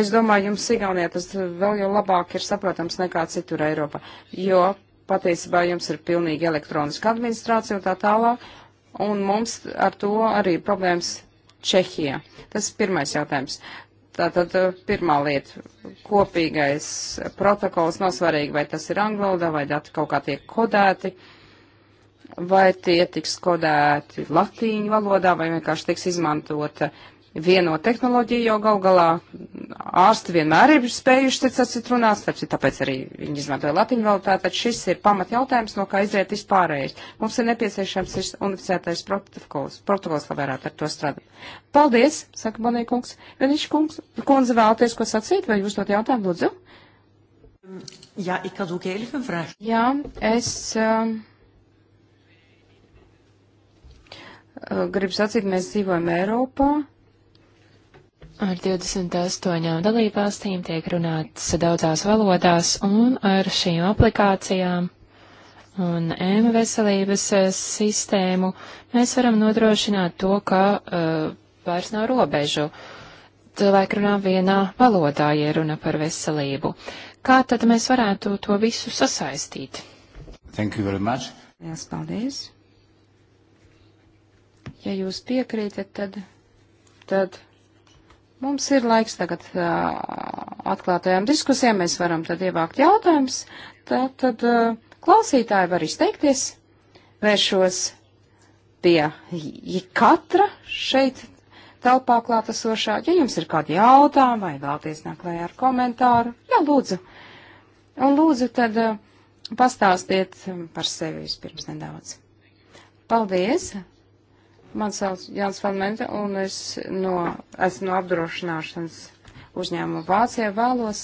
Es domāju, jums Sigaunijā tas vēl jau labāk ir saprotams nekā citur Eiropā, jo patiesībā jums ir pilnīgi elektroniska administrācija un tā tālāk, un mums ar to arī problēmas Čehijā. Tas ir pirmais jautājums. Tātad eh, pirmā lieta - kopīgais protokols, nav svarīgi, vai tas ir angloda, vai dati kaut kā tiek kodēti. Uh, vai tie tiks kodēti latīņu valodā, vai vienkārši tiks izmantota vieno tehnoloģiju, jo gal galā ārsti vienmēr ir spējuši cits atcīt runāt, starp citu, tāpēc arī viņi izmantoja latīņu valodā, tad šis ir pamat jautājums, no kā iziet vispārējais. Mums ir nepieciešams šis unificētais protokols, protokols, lai varētu ar to strādāt. Paldies, saka Bonī kungs. Veniš kungs, kundze vēlaties ko sacīt, vai jūs dot jautājumu, lūdzu? Jā, ik had ook even een vraag. Ja, es... Uh... Eh, gribu sacīt, mēs dzīvojam Eiropā. Ar 28 dalībvalstīm tiek runāts daudzās valodās, un ar šīm aplikācijām un e-veselības eh, sistēmu mēs varam nodrošināt to, ka uh, vairs nav robežu. Cilvēki runā vienā valodā, ja runa par veselību. Kā tad mēs varētu to visu sasaistīt? Thank you very much. Lielas paldies. Ja jūs piekrītat, tad, tad mums ir laiks tagad uh, atklātajām diskusijām. Mēs varam tad ievākt jautājumus. Tad, tad uh, klausītāji var izteikties. Vēršos pie katra šeit telpā klātesošā. Ja jums ir kādi jautājumi vai vēlties nāklājā ar komentāru, jā, lūdzu. Un lūdzu, tad pastāstiet par sevi vispirms nedaudz. Paldies! Man sauc Jānis Falmente, un es no, esmu no apdrošināšanas uzņēmuma Vācijā. Vēlos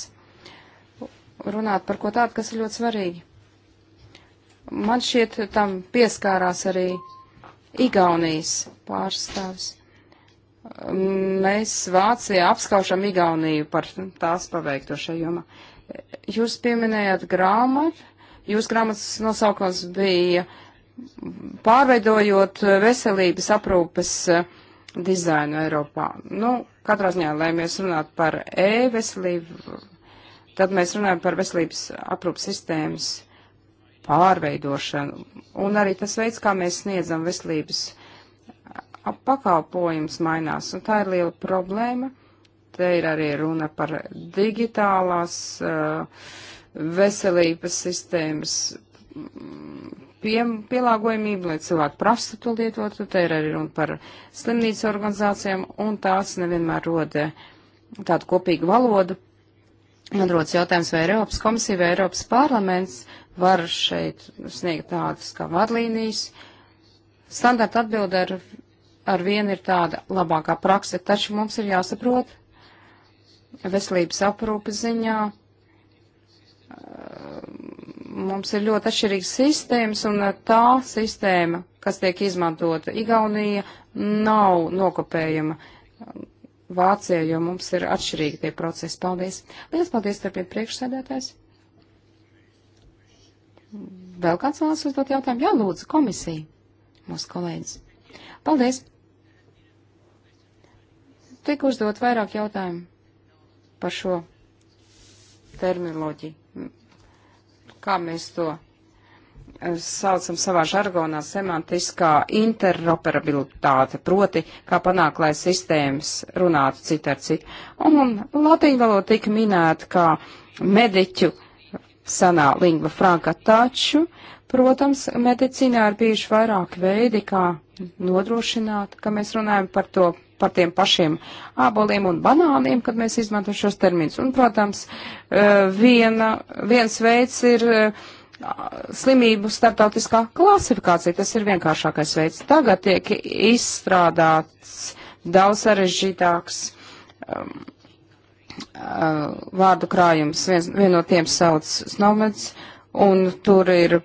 runāt par ko tādu, kas ir ļoti svarīgi. Man šķiet, tam pieskārās arī Igaunijas pārstāvs. Mēs Vācijā apskaužam Igauniju par tās paveikto šajā jomā. Jūs pieminējāt grāmatu, jūs grāmatas nosaukums bija uh, pārveidojot eh, veselības aprūpes eh, dizainu Eiropā. Nu, katrā ziņā, lai mēs runātu par e-veselību, tad mēs runājam par veselības aprūpas sistēmas pārveidošanu. Un arī tas veids, kā mēs sniedzam veselības pakalpojums mainās, un tā ir liela problēma. Te ir arī runa par digitālās uh, veselības sistēmas pie, pielāgojamību, lai cilvēki prastu to lietot, tad ir arī runa par slimnīcu organizācijām, un tās nevienmēr roda tādu kopīgu valodu. Man rodas jautājums, vai Eiropas komisija vai Eiropas parlaments var šeit sniegt tādas kā vadlīnijas. Standarta atbilde ar, ar vienu ir tāda labākā prakse, taču mums ir jāsaprot veselības aprūpes ziņā mums ir ļoti atšķirīgas sistēmas, un eh, tā sistēma, kas tiek izmantota Igaunija, nav nokopējama um, Vācijā, jo mums ir atšķirīgi tie procesi. Paldies! Lielas paldies, starpiet priekšsēdētājs! Vēl kāds vēlas uzdot jautājumu? Jā, lūdzu, komisija, mūsu kolēģis. Paldies! Tik uzdot vairāk jautājumu par šo terminoloģiju kā mēs to eh, saucam savā žargonā semantiskā interoperabilitāte, proti, kā panāk, lai sistēmas runātu citu ar citu. Un latīņu valoda tika minēta kā mediķu sanā lingva franka, taču, protams, medicīnā ir bijuši vairāk veidi, kā nodrošināt, ka mēs runājam par to par tiem pašiem āboliem un banāniem, kad mēs izmantojam šos terminus. Un, protams, eh, viena, viens veids ir eh, slimību starptautiskā klasifikācija. Tas ir vienkāršākais veids. Tagad tiek izstrādāts daudz sarežģītāks um, uh, vārdu krājums. Viens, vien no tiem sauc snomeds, un tur ir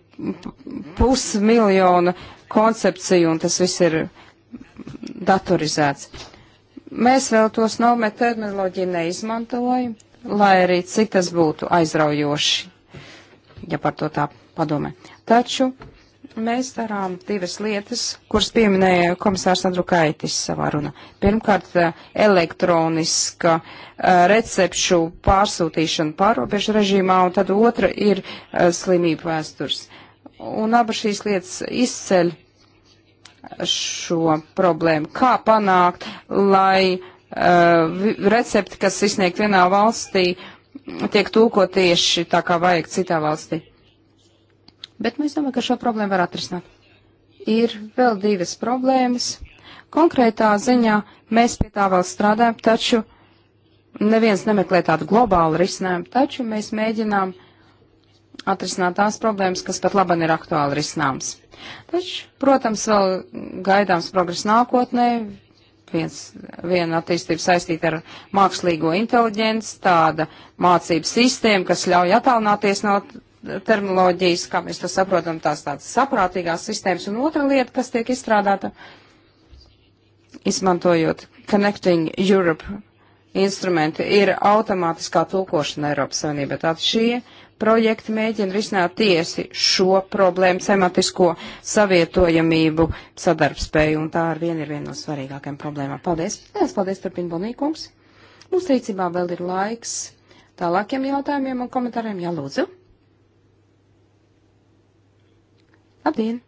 pusmiljona koncepciju, un tas viss ir datorizēts. Mēs vēl tos nomet terminoloģiju neizmantojam, lai arī cik tas būtu aizraujoši, ja par to tā padomē. Taču mēs darām divas lietas, kuras pieminēja komisārs Andrukaitis savā runā. Pirmkārt, eh, elektroniska eh, recepšu pārsūtīšana pārobežu režīmā, un tad otra ir eh, slimību vēstures. Un abas šīs lietas izceļ šo problēmu. Kā panākt, lai uh, recepti, kas izsniegt vienā valstī, tiek tūkot tieši tā, kā vajag citā valstī. Bet mēs domājam, ka šo problēmu var atrisināt. Ir vēl divas problēmas. Konkrētā ziņā mēs pie tā vēl strādājam, taču neviens nemeklē tādu globālu risinājumu, taču mēs mēģinām uh, atrisināt tās problēmas, kas pat laban ir aktuāli risināms. Taču, protams, vēl gaidāms progress nākotnē, viens, viena attīstība saistīta ar mākslīgo inteliģenci, tāda mācības sistēma, kas ļauj attālināties no terminoloģijas, kā mēs to saprotam, tās tādas saprātīgās sistēmas, un otra lieta, kas tiek izstrādāta, izmantojot Connecting Europe instrumentu, ir automātiskā tulkošana Eiropas Savienībā. Tātad šie projekti mēģina risināt tiesi šo problēmu sematisko savietojamību, sadarbspēju, un tā ar vienu ir viena no svarīgākajām problēmām. Paldies! Lielas paldies, turpin Bonīkums! Mums rīcībā vēl ir laiks tālākiem jautājumiem un komentāriem. Jā, lūdzu! Labdien!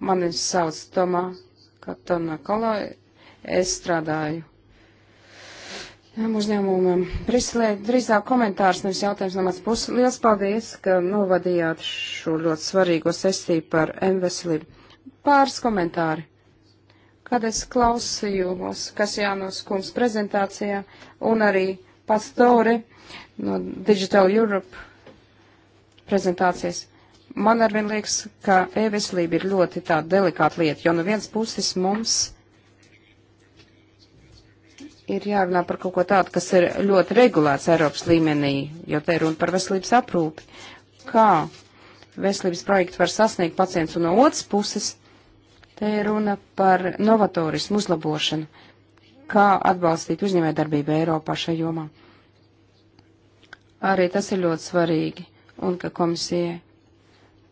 Mani sauc Tomā Katona Kolai. Es strādāju uzņēmumam. Briselē drīzāk komentārs, nevis jautājums no mans puses. Liels paldies, ka novadījāt šo ļoti svarīgo sesiju par M-veselību. Pāris komentāri. Kad es klausījos Kasjānos kungs prezentācijā un arī pats Tauri no Digital Europe prezentācijas, man arvien liekas, ka e-veselība ir ļoti tāda delikāta lieta, jo no vienas puses mums ir jārunā par kaut ko tādu, kas ir ļoti regulēts Eiropas līmenī, jo te ir runa par veselības aprūpi. Kā veselības projektu var sasniegt pacients un no otras puses, te ir runa par novatorismu uzlabošanu. Kā atbalstīt uzņēmē darbību Eiropā šajā jomā? Arī tas ir ļoti svarīgi, un ka komisija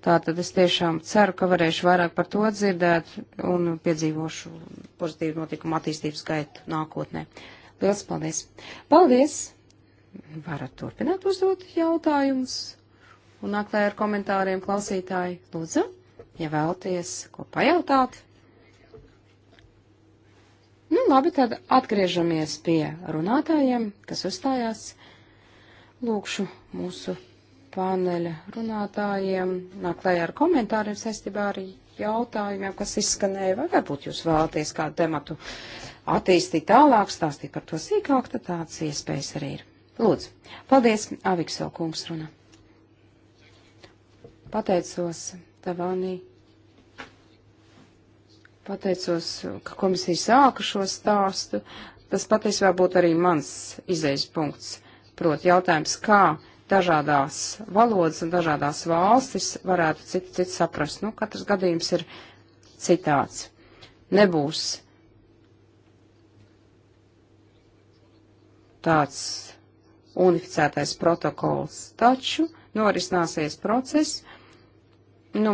Tātad es tiešām ceru, ka varēšu vairāk par to dzirdēt un piedzīvošu pozitīvu notikumu attīstības gaitu nākotnē. Lielas paldies! Paldies! Varat turpināt uzdot jautājumus un nākt lai ar komentāriem klausītāji. Lūdzu, ja vēlties ko pajautāt. Nu, labi, tad atgriežamies pie runātājiem, kas uzstājās. Lūkšu mūsu paneļa runātājiem nāk klajā ar komentāriem saistībā ar jautājumiem, kas izskanēja, vai varbūt jūs vēlaties kādu tematu attīstīt tālāk, stāstīt par to sīkāk, tad tāds iespējas arī ir. Lūdzu, paldies, Avikso kungs runa. Pateicos Tavānī. Pateicos, ka komisija sāka šo stāstu. Tas patiesībā būtu arī mans izējas punkts. Proti jautājums, kā dažādās valodas un dažādās valstis varētu citu citu saprast. Nu, katrs gadījums ir citāds. Nebūs tāds unificētais protokols, taču norisināsies process, nu,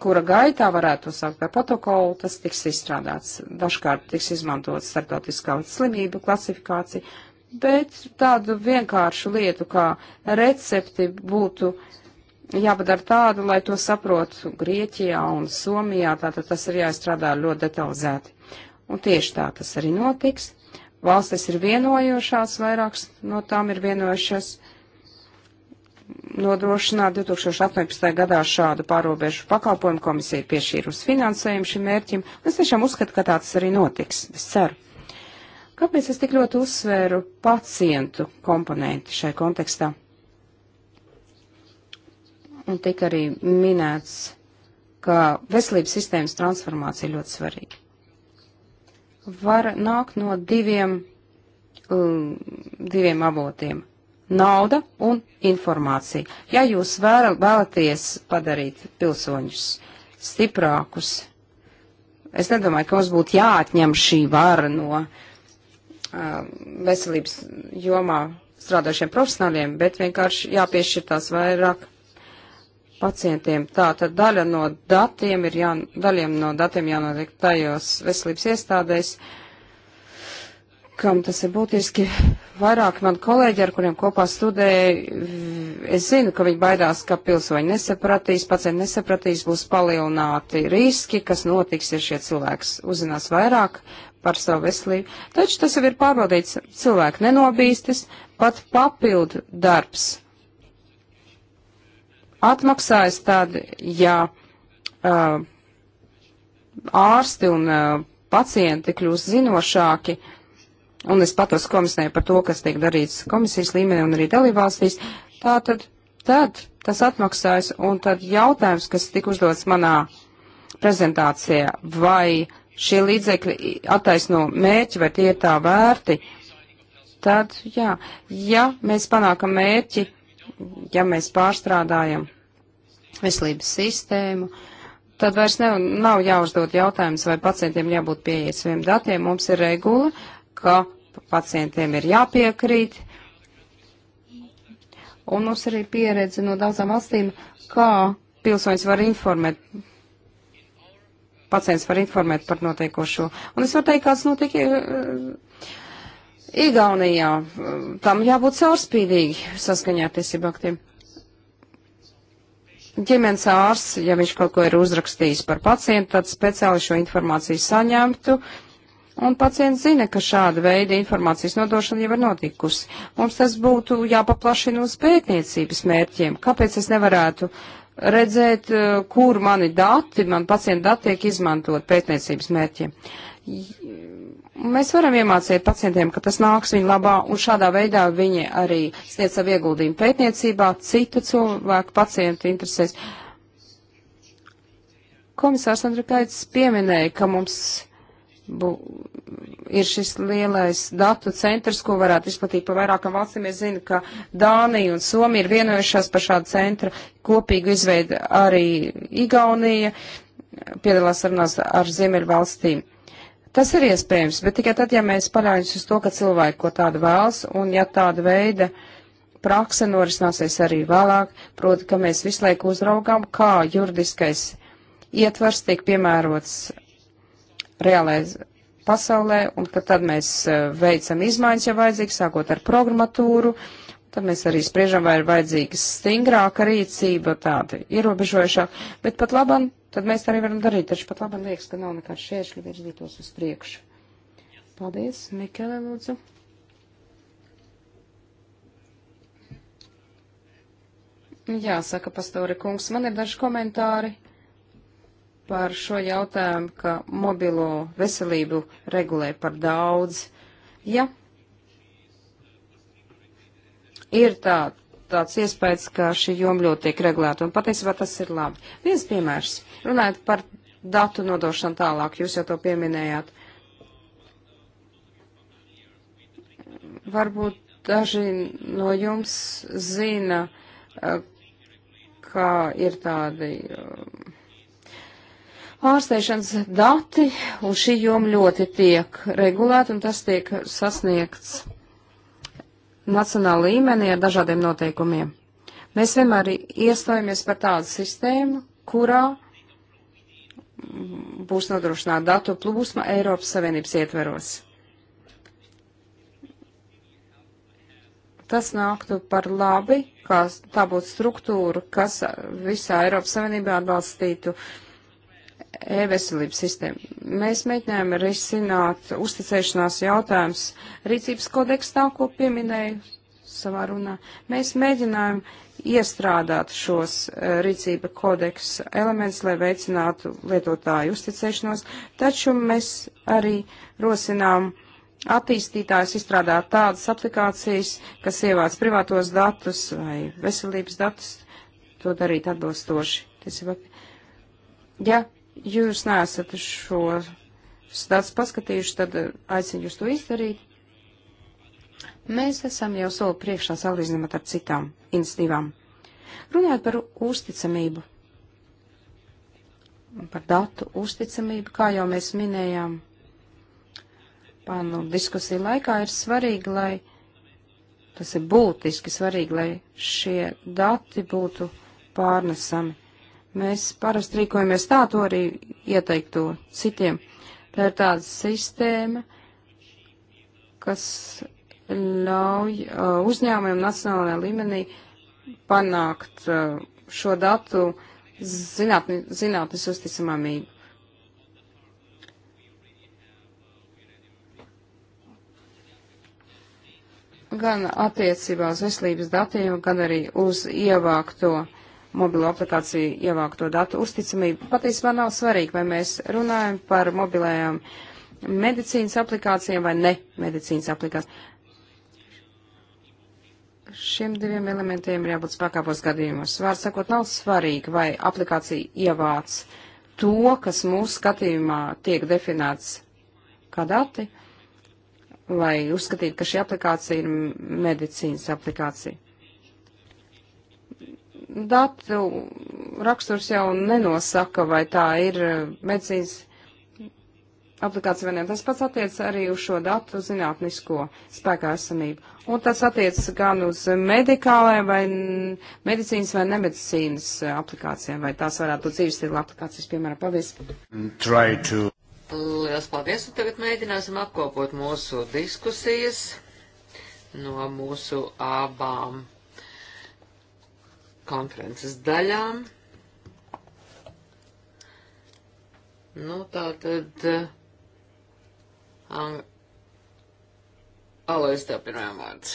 kura gaitā varētu to saukt par protokolu, tas tiks izstrādāts. Dažkārt tiks izmantot starptautiskā slimību klasifikācija bet tādu vienkāršu lietu kā recepti būtu jāpadara tādu, lai to saprotu Grieķijā un Somijā, tātad tas ir jāizstrādā ļoti detalizēti. Un tieši tā tas arī notiks. Valstis ir vienojušās, vairākas no tām ir vienojušās nodrošināt 2018. gadā šādu pārobežu pakalpojumu komisiju piešķīrus finansējumu šim mērķim. Es tiešām uzskatu, ka tā tas arī notiks. Es ceru. Kāpēc es tik ļoti uzsvēru pacientu komponenti šai kontekstā? Un tik arī minēts, ka veselības sistēmas transformācija ļoti svarīga. Var nākt no diviem, um, diviem avotiem - nauda un informācija. Ja jūs vēl, vēlaties padarīt pilsoņus stiprākus, es nedomāju, ka mums būtu jāatņem šī vara no uh, Um, veselības jomā strādošiem profesionāļiem, bet vienkārši jāpiešķir tās vairāk pacientiem. Tā tad daļa no datiem ir jā, daļiem no datiem jānotiek tajos veselības iestādēs, kam tas ir būtiski. Vairāk man kolēģi, ar kuriem kopā studēju, es zinu, ka viņi baidās, ka pilsoņi nesapratīs, pacienti nesapratīs, būs palielināti riski, kas notiks, ja šie cilvēks uzzinās vairāk par savu veselību, taču tas jau ir pārbaudīts, cilvēki nenobīstis, pat papildu darbs atmaksājas tad, ja uh, ārsti un uh, pacienti kļūst zinošāki, un es patos komisijai par to, kas tiek darīts komisijas līmenī un arī dalībvalstīs, tā tad, tad tas atmaksājas, un tad jautājums, kas tika uzdots manā prezentācijā, vai šie līdzekļi attaisno mērķi, vai tie ir tā vērti, tad, jā, ja mēs panākam mērķi, ja mēs pārstrādājam veselības sistēmu, tad vairs ne, nav jāuzdod jautājums, vai pacientiem jābūt pieejas saviem datiem. Mums ir regula, ka pacientiem ir jāpiekrīt, un mums arī pieredze no daudzām valstīm, kā pilsoņus var informēt pacients var informēt par notiekošo. Un es varu teikt, kāds notiek e, e, Igaunijā. Tam jābūt caurspīdīgi saskaņā ar tiesību aktiem. Ģimenes ārsts, ja viņš kaut ko ir uzrakstījis par pacientu, tad speciāli šo informāciju saņemtu. Un pacients zina, ka šāda veida informācijas nodošana jau ir notikusi. Mums tas būtu jāpaplašina uz pētniecības mērķiem. Kāpēc es nevarētu uh, redzēt, eh, kur mani dati, man pacienta dati tiek izmantot pētniecības mērķiem. Mēs varam iemācīt pacientiem, ka tas nāks viņu labā, un šādā veidā viņi arī sniedz savu ieguldījumu pētniecībā, citu cilvēku pacientu interesēs. Komisārs Andrikaits pieminēja, ka mums bu, ir šis lielais datu centrs, ko varētu izplatīt pa vairākām valstīm. Es zinu, ka Dānija un Somija ir vienojušās par šādu centru. Kopīgi izveida arī Igaunija, piedalās sarunās ar Ziemeļvalstīm. Tas ir iespējams, bet tikai tad, ja mēs paļaujamies uz to, ka cilvēki ko tādu vēlas, un ja tāda veida prakse norisināsies arī vēlāk, proti, ka mēs visu laiku uzraugām, kā juridiskais ietvars tiek piemērots reālais pasaulē, un ka tad mēs e, veicam izmaiņas, ja vajadzīgs, sākot ar programmatūru, tad mēs arī spriežam, vai ir vajadzīga stingrāka rīcība, tāda ierobežojušāka, bet pat labam, tad mēs tā arī varam darīt, taču pat labam liekas, ka nav nekāds šķēršļi virzītos uz priekšu. Paldies, Mikele, lūdzu. Jāsaka, pastori kungs, man ir daži komentāri par šo jautājumu, ka mobilo veselību regulē par daudz. Ja ir tā, tāds iespējas, ka šī joma ļoti tiek regulēta, un patiesībā tas ir labi. Viens piemērs, runājot par datu nodošanu tālāk, jūs jau to pieminējāt. Varbūt daži no jums zina, eh, ka ir tādi eh, Ārsteišanas dati un šī joma ļoti tiek regulēta un tas tiek sasniegts nacionāla līmenī ar dažādiem noteikumiem. Mēs vienmēr iestājamies par tādu sistēmu, kurā būs nodrošināta datu plūsma Eiropas Savienības ietveros. Tas nāktu par labi, kā tā būtu struktūra, kas visā Eiropas Savienībā atbalstītu uh, e-veselības sistēmu. Mēs mēģinājām risināt uzticēšanās jautājums rīcības kodekstā, ko pieminēju savā runā. Mēs mēģinājām iestrādāt šos e, rīcība kodeksa elementus, lai veicinātu lietotāju uzticēšanos, taču mēs arī rosinām attīstītājs izstrādāt tādas aplikācijas, kas ievāc privātos datus vai veselības datus, to darīt atbilstoši. Tas ir, ja jūs neesat šo stāstu paskatījuši, tad eh, aicinu jūs to izdarīt. Mēs esam jau soli priekšā salīdzinot ar citām institīvām. Runājot par uzticamību, par datu uzticamību, kā jau mēs minējām pānu diskusiju laikā, ir svarīgi, lai tas ir būtiski svarīgi, lai šie dati būtu pārnesami Mēs parasti rīkojamies tā, to arī ieteiktu citiem. Tā ir tāda sistēma, kas ļauj uh, uzņēmumiem nacionālajā līmenī panākt uh, šo datu zinātni, zinātnes uzticamamību. Gan attiecībā uz veselības datiem, gan arī uz ievākto uh, mobilo aplikāciju ievākto datu uzticamību. Patiesībā nav svarīgi, vai mēs runājam par mobilējām medicīnas aplikācijām vai ne medicīnas aplikācijām. Šiem diviem elementiem ir jābūt spēkāpos gadījumos. Vārds sakot, nav svarīgi, vai aplikācija ievāc to, kas mūsu skatījumā tiek definēts kā dati, vai uzskatīt, ka šī aplikācija ir medicīnas aplikācija datu raksturs jau nenosaka, vai tā ir eh, medicīnas aplikācija vai ne. Tas pats attiec arī uz šo datu zinātnisko spēkā esamību. Un tas attiec gan uz medikālajiem vai medicīnas vai nemedicīnas eh, aplikācijām, vai tās varētu būt dzīvesstila aplikācijas, piemēram, pavis. To... Lielas paldies, un tagad mēģināsim apkopot mūsu diskusijas no mūsu abām konferences daļām. Nu, tā tad eh, ang... Alois tev pirmajam vārds.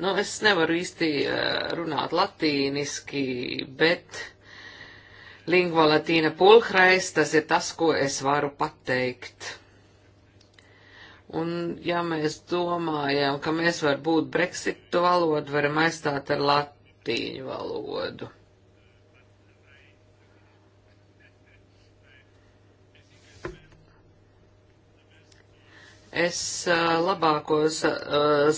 Nu, es nevaru īsti eh, runāt latīniski, bet lingua latīna pulhrais, tas ir tas, ko es varu pateikt. Un, ja mēs domājam, ka mēs varbūt Brexitu valodu varam aizstāt ar latīnu, latīņu valodu. Es labākos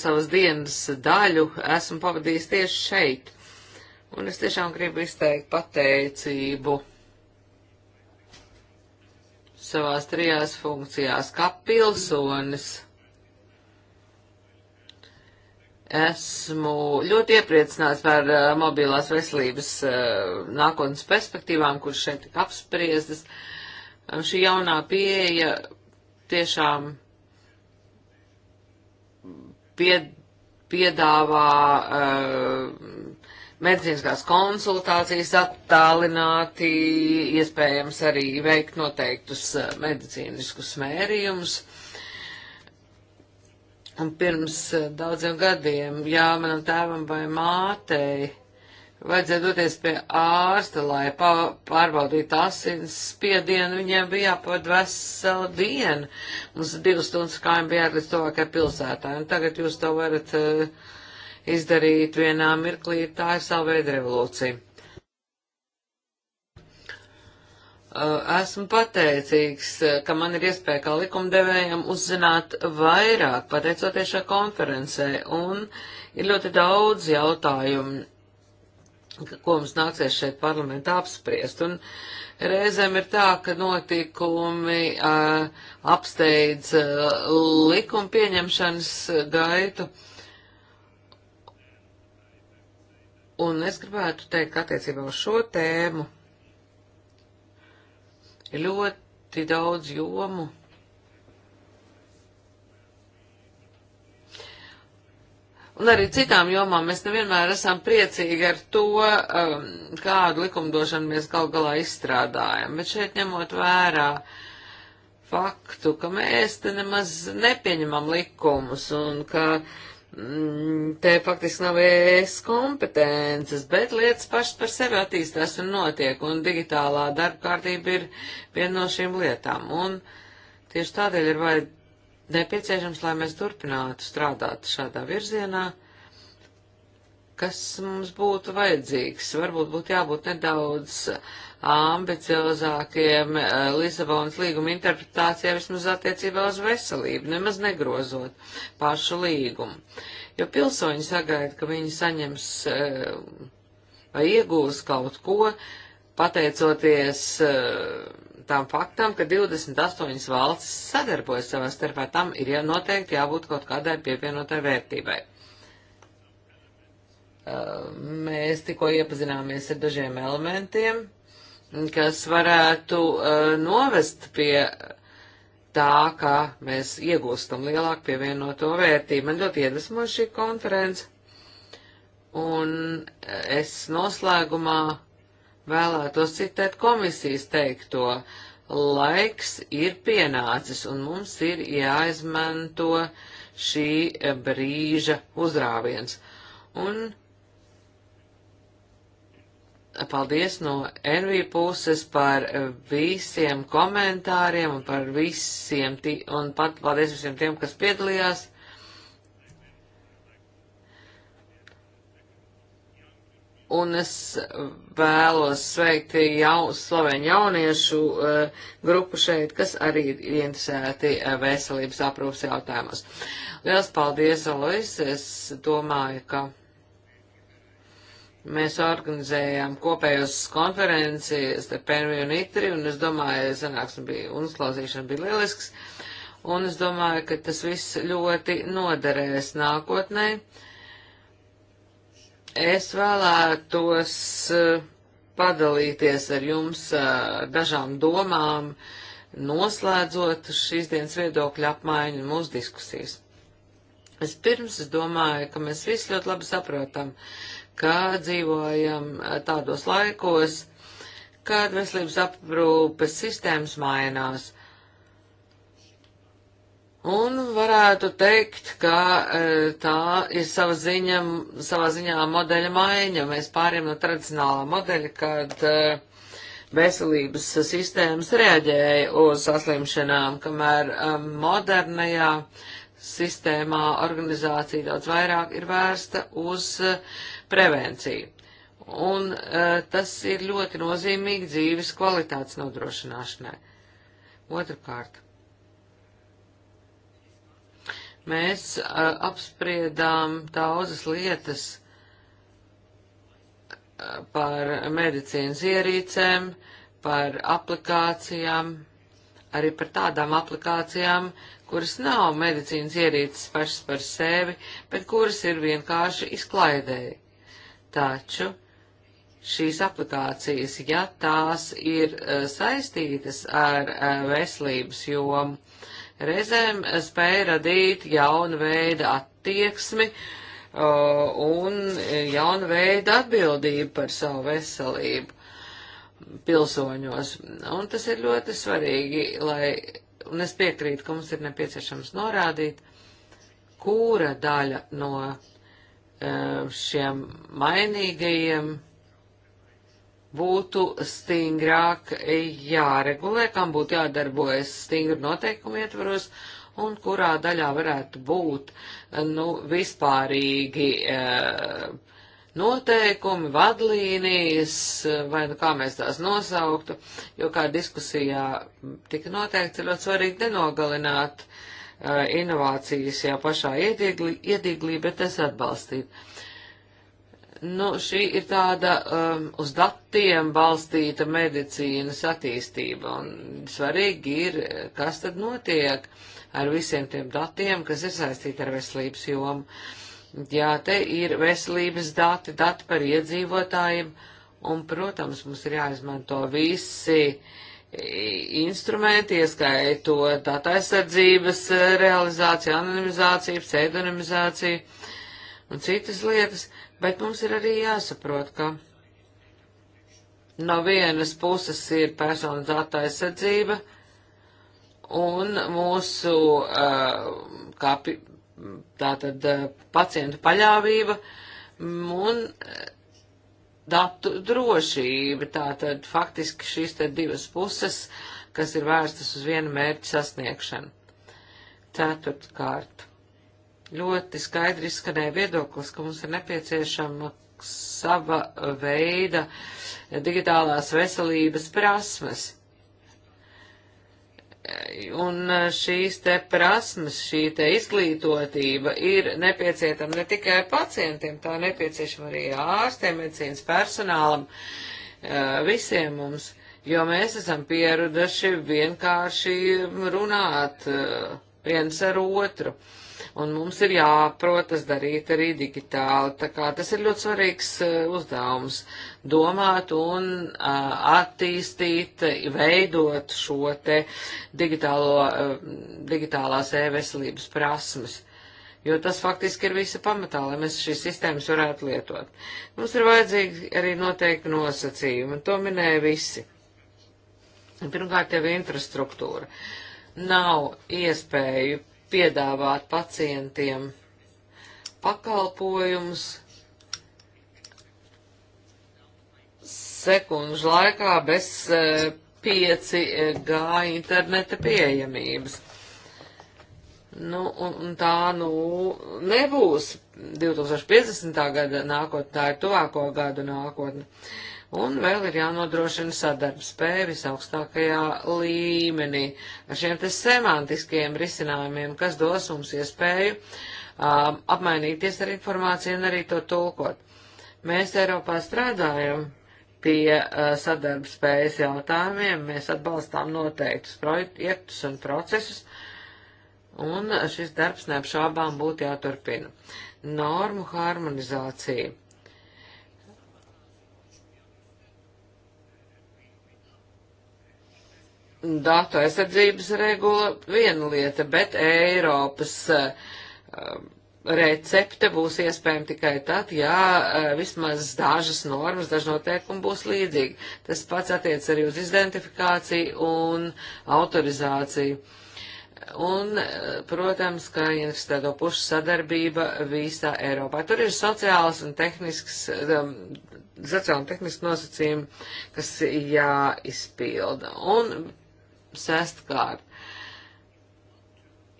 savas dienas daļu esmu pavadījis tieši šeit, un es tiešām gribu izteikt pateicību savās trijās funkcijās kā pilsonis. Mm. Esmu ļoti iepriecināts par uh, mobilās veselības uh, nākotnes perspektīvām, kuras šeit tika apspriestas. Um, šī jaunā pieeja tiešām pie, piedāvā uh, medicīniskās konsultācijas attālināti, iespējams arī veikt noteiktus medicīniskus mērījumus. Uh, Un pirms eh, daudziem gadiem, jā, manam tēvam vai mātei vajadzēja doties pie ārsta, lai pārbaudītu asins spiedienu, viņiem bija jāpavad vesela diena. Mums divas stundas kājām bija jāatliec tuvākai pilsētā, un tagad jūs to varat uh, izdarīt vienā mirklī, tā ir sava veida revolūcija. Eh, esmu pateicīgs, eh, ka man ir iespēja kā likumdevējam uzzināt vairāk, pateicoties šā konferencē, un ir ļoti daudz jautājumu, ko mums nāksies šeit parlamentā apspriest. Un reizēm ir tā, ka notikumi uh, apsteidz uh, likuma pieņemšanas gaitu. Un es gribētu teikt, ka attiecībā uz šo tēmu Ir ļoti daudz jomu. Un arī citām jomām mēs nevienmēr esam priecīgi ar to, um, kādu likumdošanu mēs gal galā izstrādājam. Bet šeit ņemot vērā faktu, ka mēs te nemaz nepieņemam likumus un ka uh, Mm, te faktiski nav ES kompetences, bet lietas pašas par sevi attīstās un notiek, un digitālā darba kārtība ir viena no šīm lietām. Un tieši tādēļ ir vai nepieciešams, lai mēs turpinātu strādāt šādā virzienā kas mums būtu vajadzīgs. Varbūt būtu jābūt nedaudz ambiciozākiem eh, Lisabonas līguma interpretācijā vismaz attiecībā uz veselību, nemaz negrozot pašu līgumu. Jo pilsoņi sagaida, ka viņi saņems eh, vai iegūs kaut ko, pateicoties eh, tām faktam, ka 28 valstis sadarbojas savā starpā, tam ir noteikti jābūt kaut kādai pievienotai vērtībai. Mēs tikko iepazināmies ar dažiem elementiem, kas varētu novest pie tā, kā mēs iegūstam lielāku pievienoto vērtību. Man ļoti iedvesmo šī konference, un es noslēgumā vēlētos citēt komisijas teikto. Laiks ir pienācis, un mums ir jāizmanto šī brīža uzrāviens. Un paldies no NV puses par eh, visiem komentāriem un par visiem, un pat paldies visiem tiem, kas piedalījās. Un es vēlos sveikt jau, slovēņu jauniešu uh, grupu šeit, kas arī ir interesēti uh, veselības aprūpas jautājumos. Liels paldies, Alois! Es domāju, ka. Mēs organizējām kopējos konferences ar Penri un Itri, un es domāju, sanāksme bija, un klausīšana bija lielisks, un es domāju, ka tas viss ļoti noderēs nākotnē. Es vēlētos eh, padalīties ar jums ar eh, dažām domām, noslēdzot šīs dienas viedokļu apmaiņu un mūsu diskusijas. Es pirms es domāju, ka mēs visi ļoti labi saprotam, ka dzīvojam eh, tādos laikos, kad veselības aprūpes sistēmas mainās. Un varētu teikt, ka eh, tā ir sava ziņa, savā ziņā modeļa maiņa. Mēs pāriem no tradicionālā modeļa, kad eh, veselības sistēmas reaģēja uz saslimšanām, kamēr modernajā sistēmā organizācija daudz vairāk ir vērsta uz uh, prevenciju. Un uh, tas ir ļoti nozīmīgi dzīves kvalitātes nodrošināšanai. Otrakārt, mēs uh, apspriedām daudzas lietas uh, par medicīnas ierīcēm, par aplikācijām, arī par tādām aplikācijām, kuras nav medicīnas ierīces pašas par sevi, bet kuras ir vienkārši izklaidēji taču šīs aplikācijas, ja tās ir eh, saistītas ar eh, veselības jomu, reizēm eh, spēja radīt jaunu veidu attieksmi un jaunu veidu atbildību par savu veselību pilsoņos. Un tas ir ļoti svarīgi, lai, un es piekrītu, ka mums ir nepieciešams norādīt, kura daļa no Eh, šiem mainīgajiem būtu stingrāk jāregulē, kam būtu jādarbojas stingri noteikumi ietvaros un kurā daļā varētu būt eh, nu, vispārīgi eh, noteikumi, vadlīnijas, vai nu kā mēs tās nosauktu, jo kā diskusijā tika noteikts, ir ļoti svarīgi nenogalināt Eh, inovācijas jau pašā iedieglī, iedieglī bet es atbalstītu. Nu, šī ir tāda um, uz datiem balstīta medicīnas attīstība, un svarīgi ir, kas tad notiek ar visiem tiem datiem, kas ir saistīti ar veselības jomu. Jā, te ir veselības dati, dati par iedzīvotājiem, un, protams, mums ir jāizmanto visi uh, instrumenti, ieskaitot data aizsardzības eh, realizāciju, anonimizāciju, pseidonimizāciju un citas lietas, bet mums ir arī jāsaprot, ka no vienas puses ir personas data aizsardzība un mūsu uh, kā tātad eh, pacientu paļāvība un uh, datu drošība. Tātad faktiski šīs te divas puses, kas ir vērstas uz vienu mērķu sasniegšanu. Ceturtkārt. Ļoti skaidri izskanēja viedoklis, ka mums ir nepieciešama sava veida digitālās veselības prasmes. Un e, šīs te prasmes, šī te izglītotība ir nepieciešama ne tikai pacientiem, tā nepieciešama arī ārstiem, medicīnas personālam, e, visiem mums, jo mēs esam pieraduši vienkārši runāt e, viens ar otru. Uh, un mums ir jāprot tas darīt arī digitāli. Tā kā tas ir ļoti svarīgs eh, uzdevums - domāt un eh, attīstīt, veidot šo te digitālo, eh, digitālās e-veselības prasmes jo tas faktiski ir visa pamatā, lai mēs šīs sistēmas varētu lietot. Mums ir vajadzīgi arī noteikti nosacījumi, un to minēja visi. Pirmkārt, jau infrastruktūra. Nav iespēju piedāvāt pacientiem pakalpojumus sekundžu laikā bez 5G e, e, interneta pieejamības. Nu, un tā, nu, nebūs 2050. gada nākotnē, tā ir tuvāko gadu nākotne. Uh, Un vēl ir jānodrošina sadarbspēja visaugstākajā līmenī ar šiem te semantiskiem risinājumiem, kas dos mums iespēju um, apmainīties ar informāciju un arī to tulkot. Mēs Eiropā strādājam pie uh, sadarbspējas jautājumiem, mēs atbalstām noteiktus projektus un procesus, un šis darbs neapšābām būtu jāturpina. Normu harmonizācija datu aizsardzības regula viena lieta, bet Eiropas uh, recepte būs iespējama tikai tad, ja eh, vismaz dažas normas, daži noteikumi būs līdzīgi. Tas pats attiec arī uz identifikāciju un autorizāciju. Un, eh, protams, kā investēto pušu sadarbība visā Eiropā. Tur ir sociāls un tehnisks, um, sociāli un tehniski nosacījumi, kas jāizpilda. Un Sestkārt,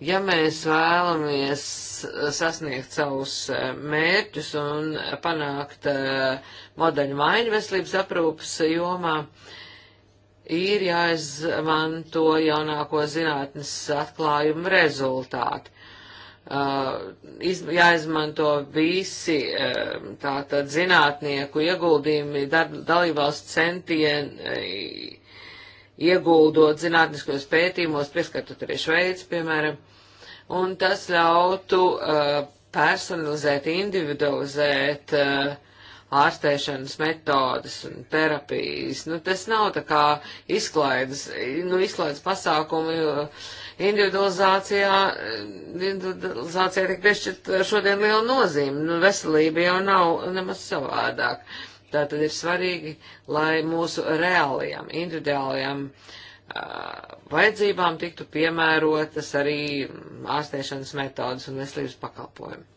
ja mēs vēlamies eh, sasniegt savus eh, mērķus un panākt eh, modeļu maiņu veselības aprūpas jomā, ir jāizmanto jaunāko zinātnes atklājumu rezultāti. Uh, iz, jāizmanto visi uh, tātad zinātnieku ieguldījumi, dalībvalsts centieni, ieguldot zinātniskos pētījumos, pieskatoties Šveici, piemēram, un tas ļautu uh, personalizēt, individualizēt uh, ārstēšanas metodas un terapijas. Nu, tas nav tā kā izklaides, nu, izklaides pasākumi, jo individualizācijā, individualizācijā tiek piešķirt šodien liela nozīme. Nu, veselība jau nav nemaz savādāk. Uh, Tātad ir svarīgi, lai mūsu reālajām, individuālajām uh, vajadzībām tiktu piemērotas arī ārstēšanas metodas un veselības pakalpojumi.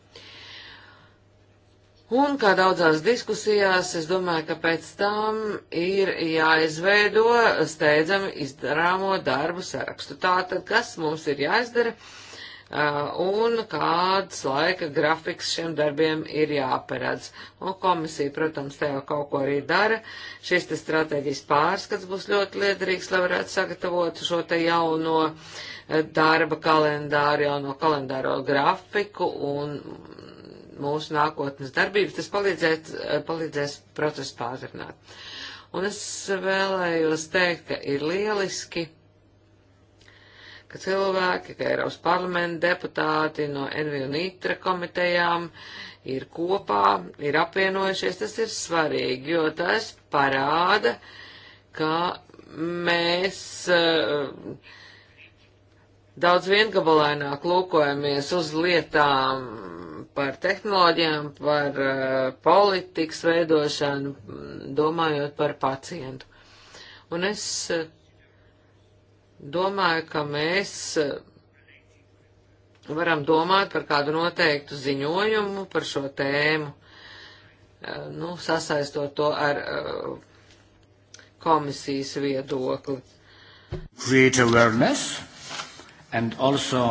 Un kā daudzās diskusijās, es domāju, ka pēc tam ir jāizveido steidzami izdarāmo darbu sarakstu. Tātad, kas mums ir jāizdara? Uh, Uh, un kāds laika grafiks šiem darbiem ir jāparedz. Un komisija, protams, te jau kaut ko arī dara. Šis te stratēģijas pārskats būs ļoti liederīgs, lai varētu sagatavot šo te jauno uh, darba kalendāru, jauno kalendāro grafiku un mūsu nākotnes darbības. Tas palīdzēt, uh, palīdzēs procesu pātrināt. Un es vēlējos teikt, ka ir lieliski ka cilvēki, ka Eiropas parlamenta deputāti no NV un ITRA komitejām ir kopā, ir apvienojušies, tas ir svarīgi, jo tas parāda, ka mēs eh, daudz viengabalēnāk lūkojamies uz lietām par tehnoloģijām, par eh, politikas veidošanu, domājot par pacientu. Un es eh, Domāju, ka mēs eh, varam domāt par kādu noteiktu ziņojumu par šo tēmu, eh, nu, sasaistot to ar eh, komisijas viedokli. Create awareness and also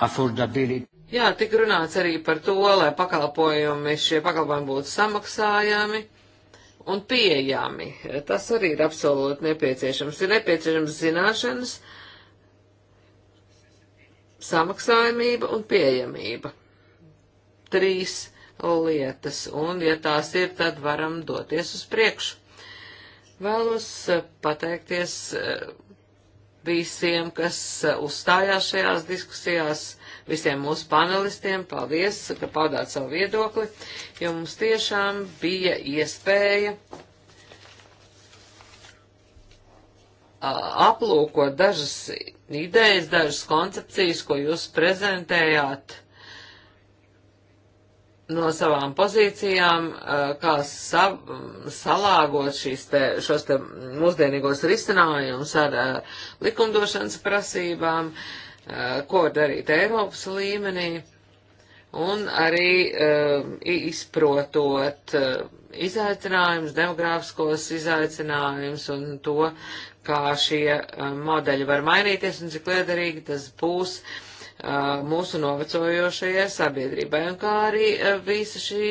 affordability. Jā, tik runāts arī par to, lai pakalpojumi, šie pakalpojumi būtu samaksājami un pieejami. Tas arī ir absolūti nepieciešams. Ir nepieciešams zināšanas, samaksājumība un pieejamība. Trīs lietas, un ja tās ir, tad varam doties uz priekšu. Vēlos eh, pateikties eh, visiem, kas eh, uzstājās šajās diskusijās visiem mūsu panelistiem. Paldies, ka paudāt savu viedokli, jo mums tiešām bija iespēja aplūkot dažas idejas, dažas koncepcijas, ko jūs prezentējāt no savām pozīcijām, kā sa salāgot šīs te, šos te mūsdienīgos risinājumus ar likumdošanas prasībām, uh, ko darīt Eiropas līmenī, un arī izprotot izaicinājumus, demogrāfiskos izaicinājumus un to, kā šie modeļi var mainīties un cik liederīgi tas būs mūsu novecojošajai sabiedrībai, un kā arī visa šī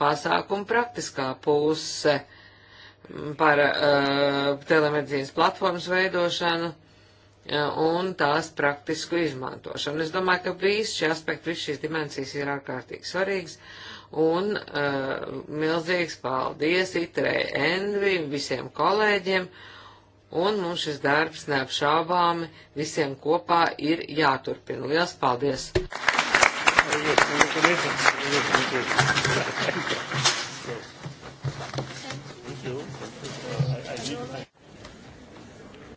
pasākuma praktiskā puse par uh, telemedicīnas platformas veidošanu, un tās praktisku izmantošanu. Es domāju, ka visi šie aspekti, visas šīs dimensijas ir ārkārtīgi svarīgas. Un uh, milzīgs paldies Itrē Envi, visiem kolēģiem, un mums šis darbs neapšaubāmi visiem kopā ir jāturpina. Lielas paldies! Paldies! paldies, paldies, paldies.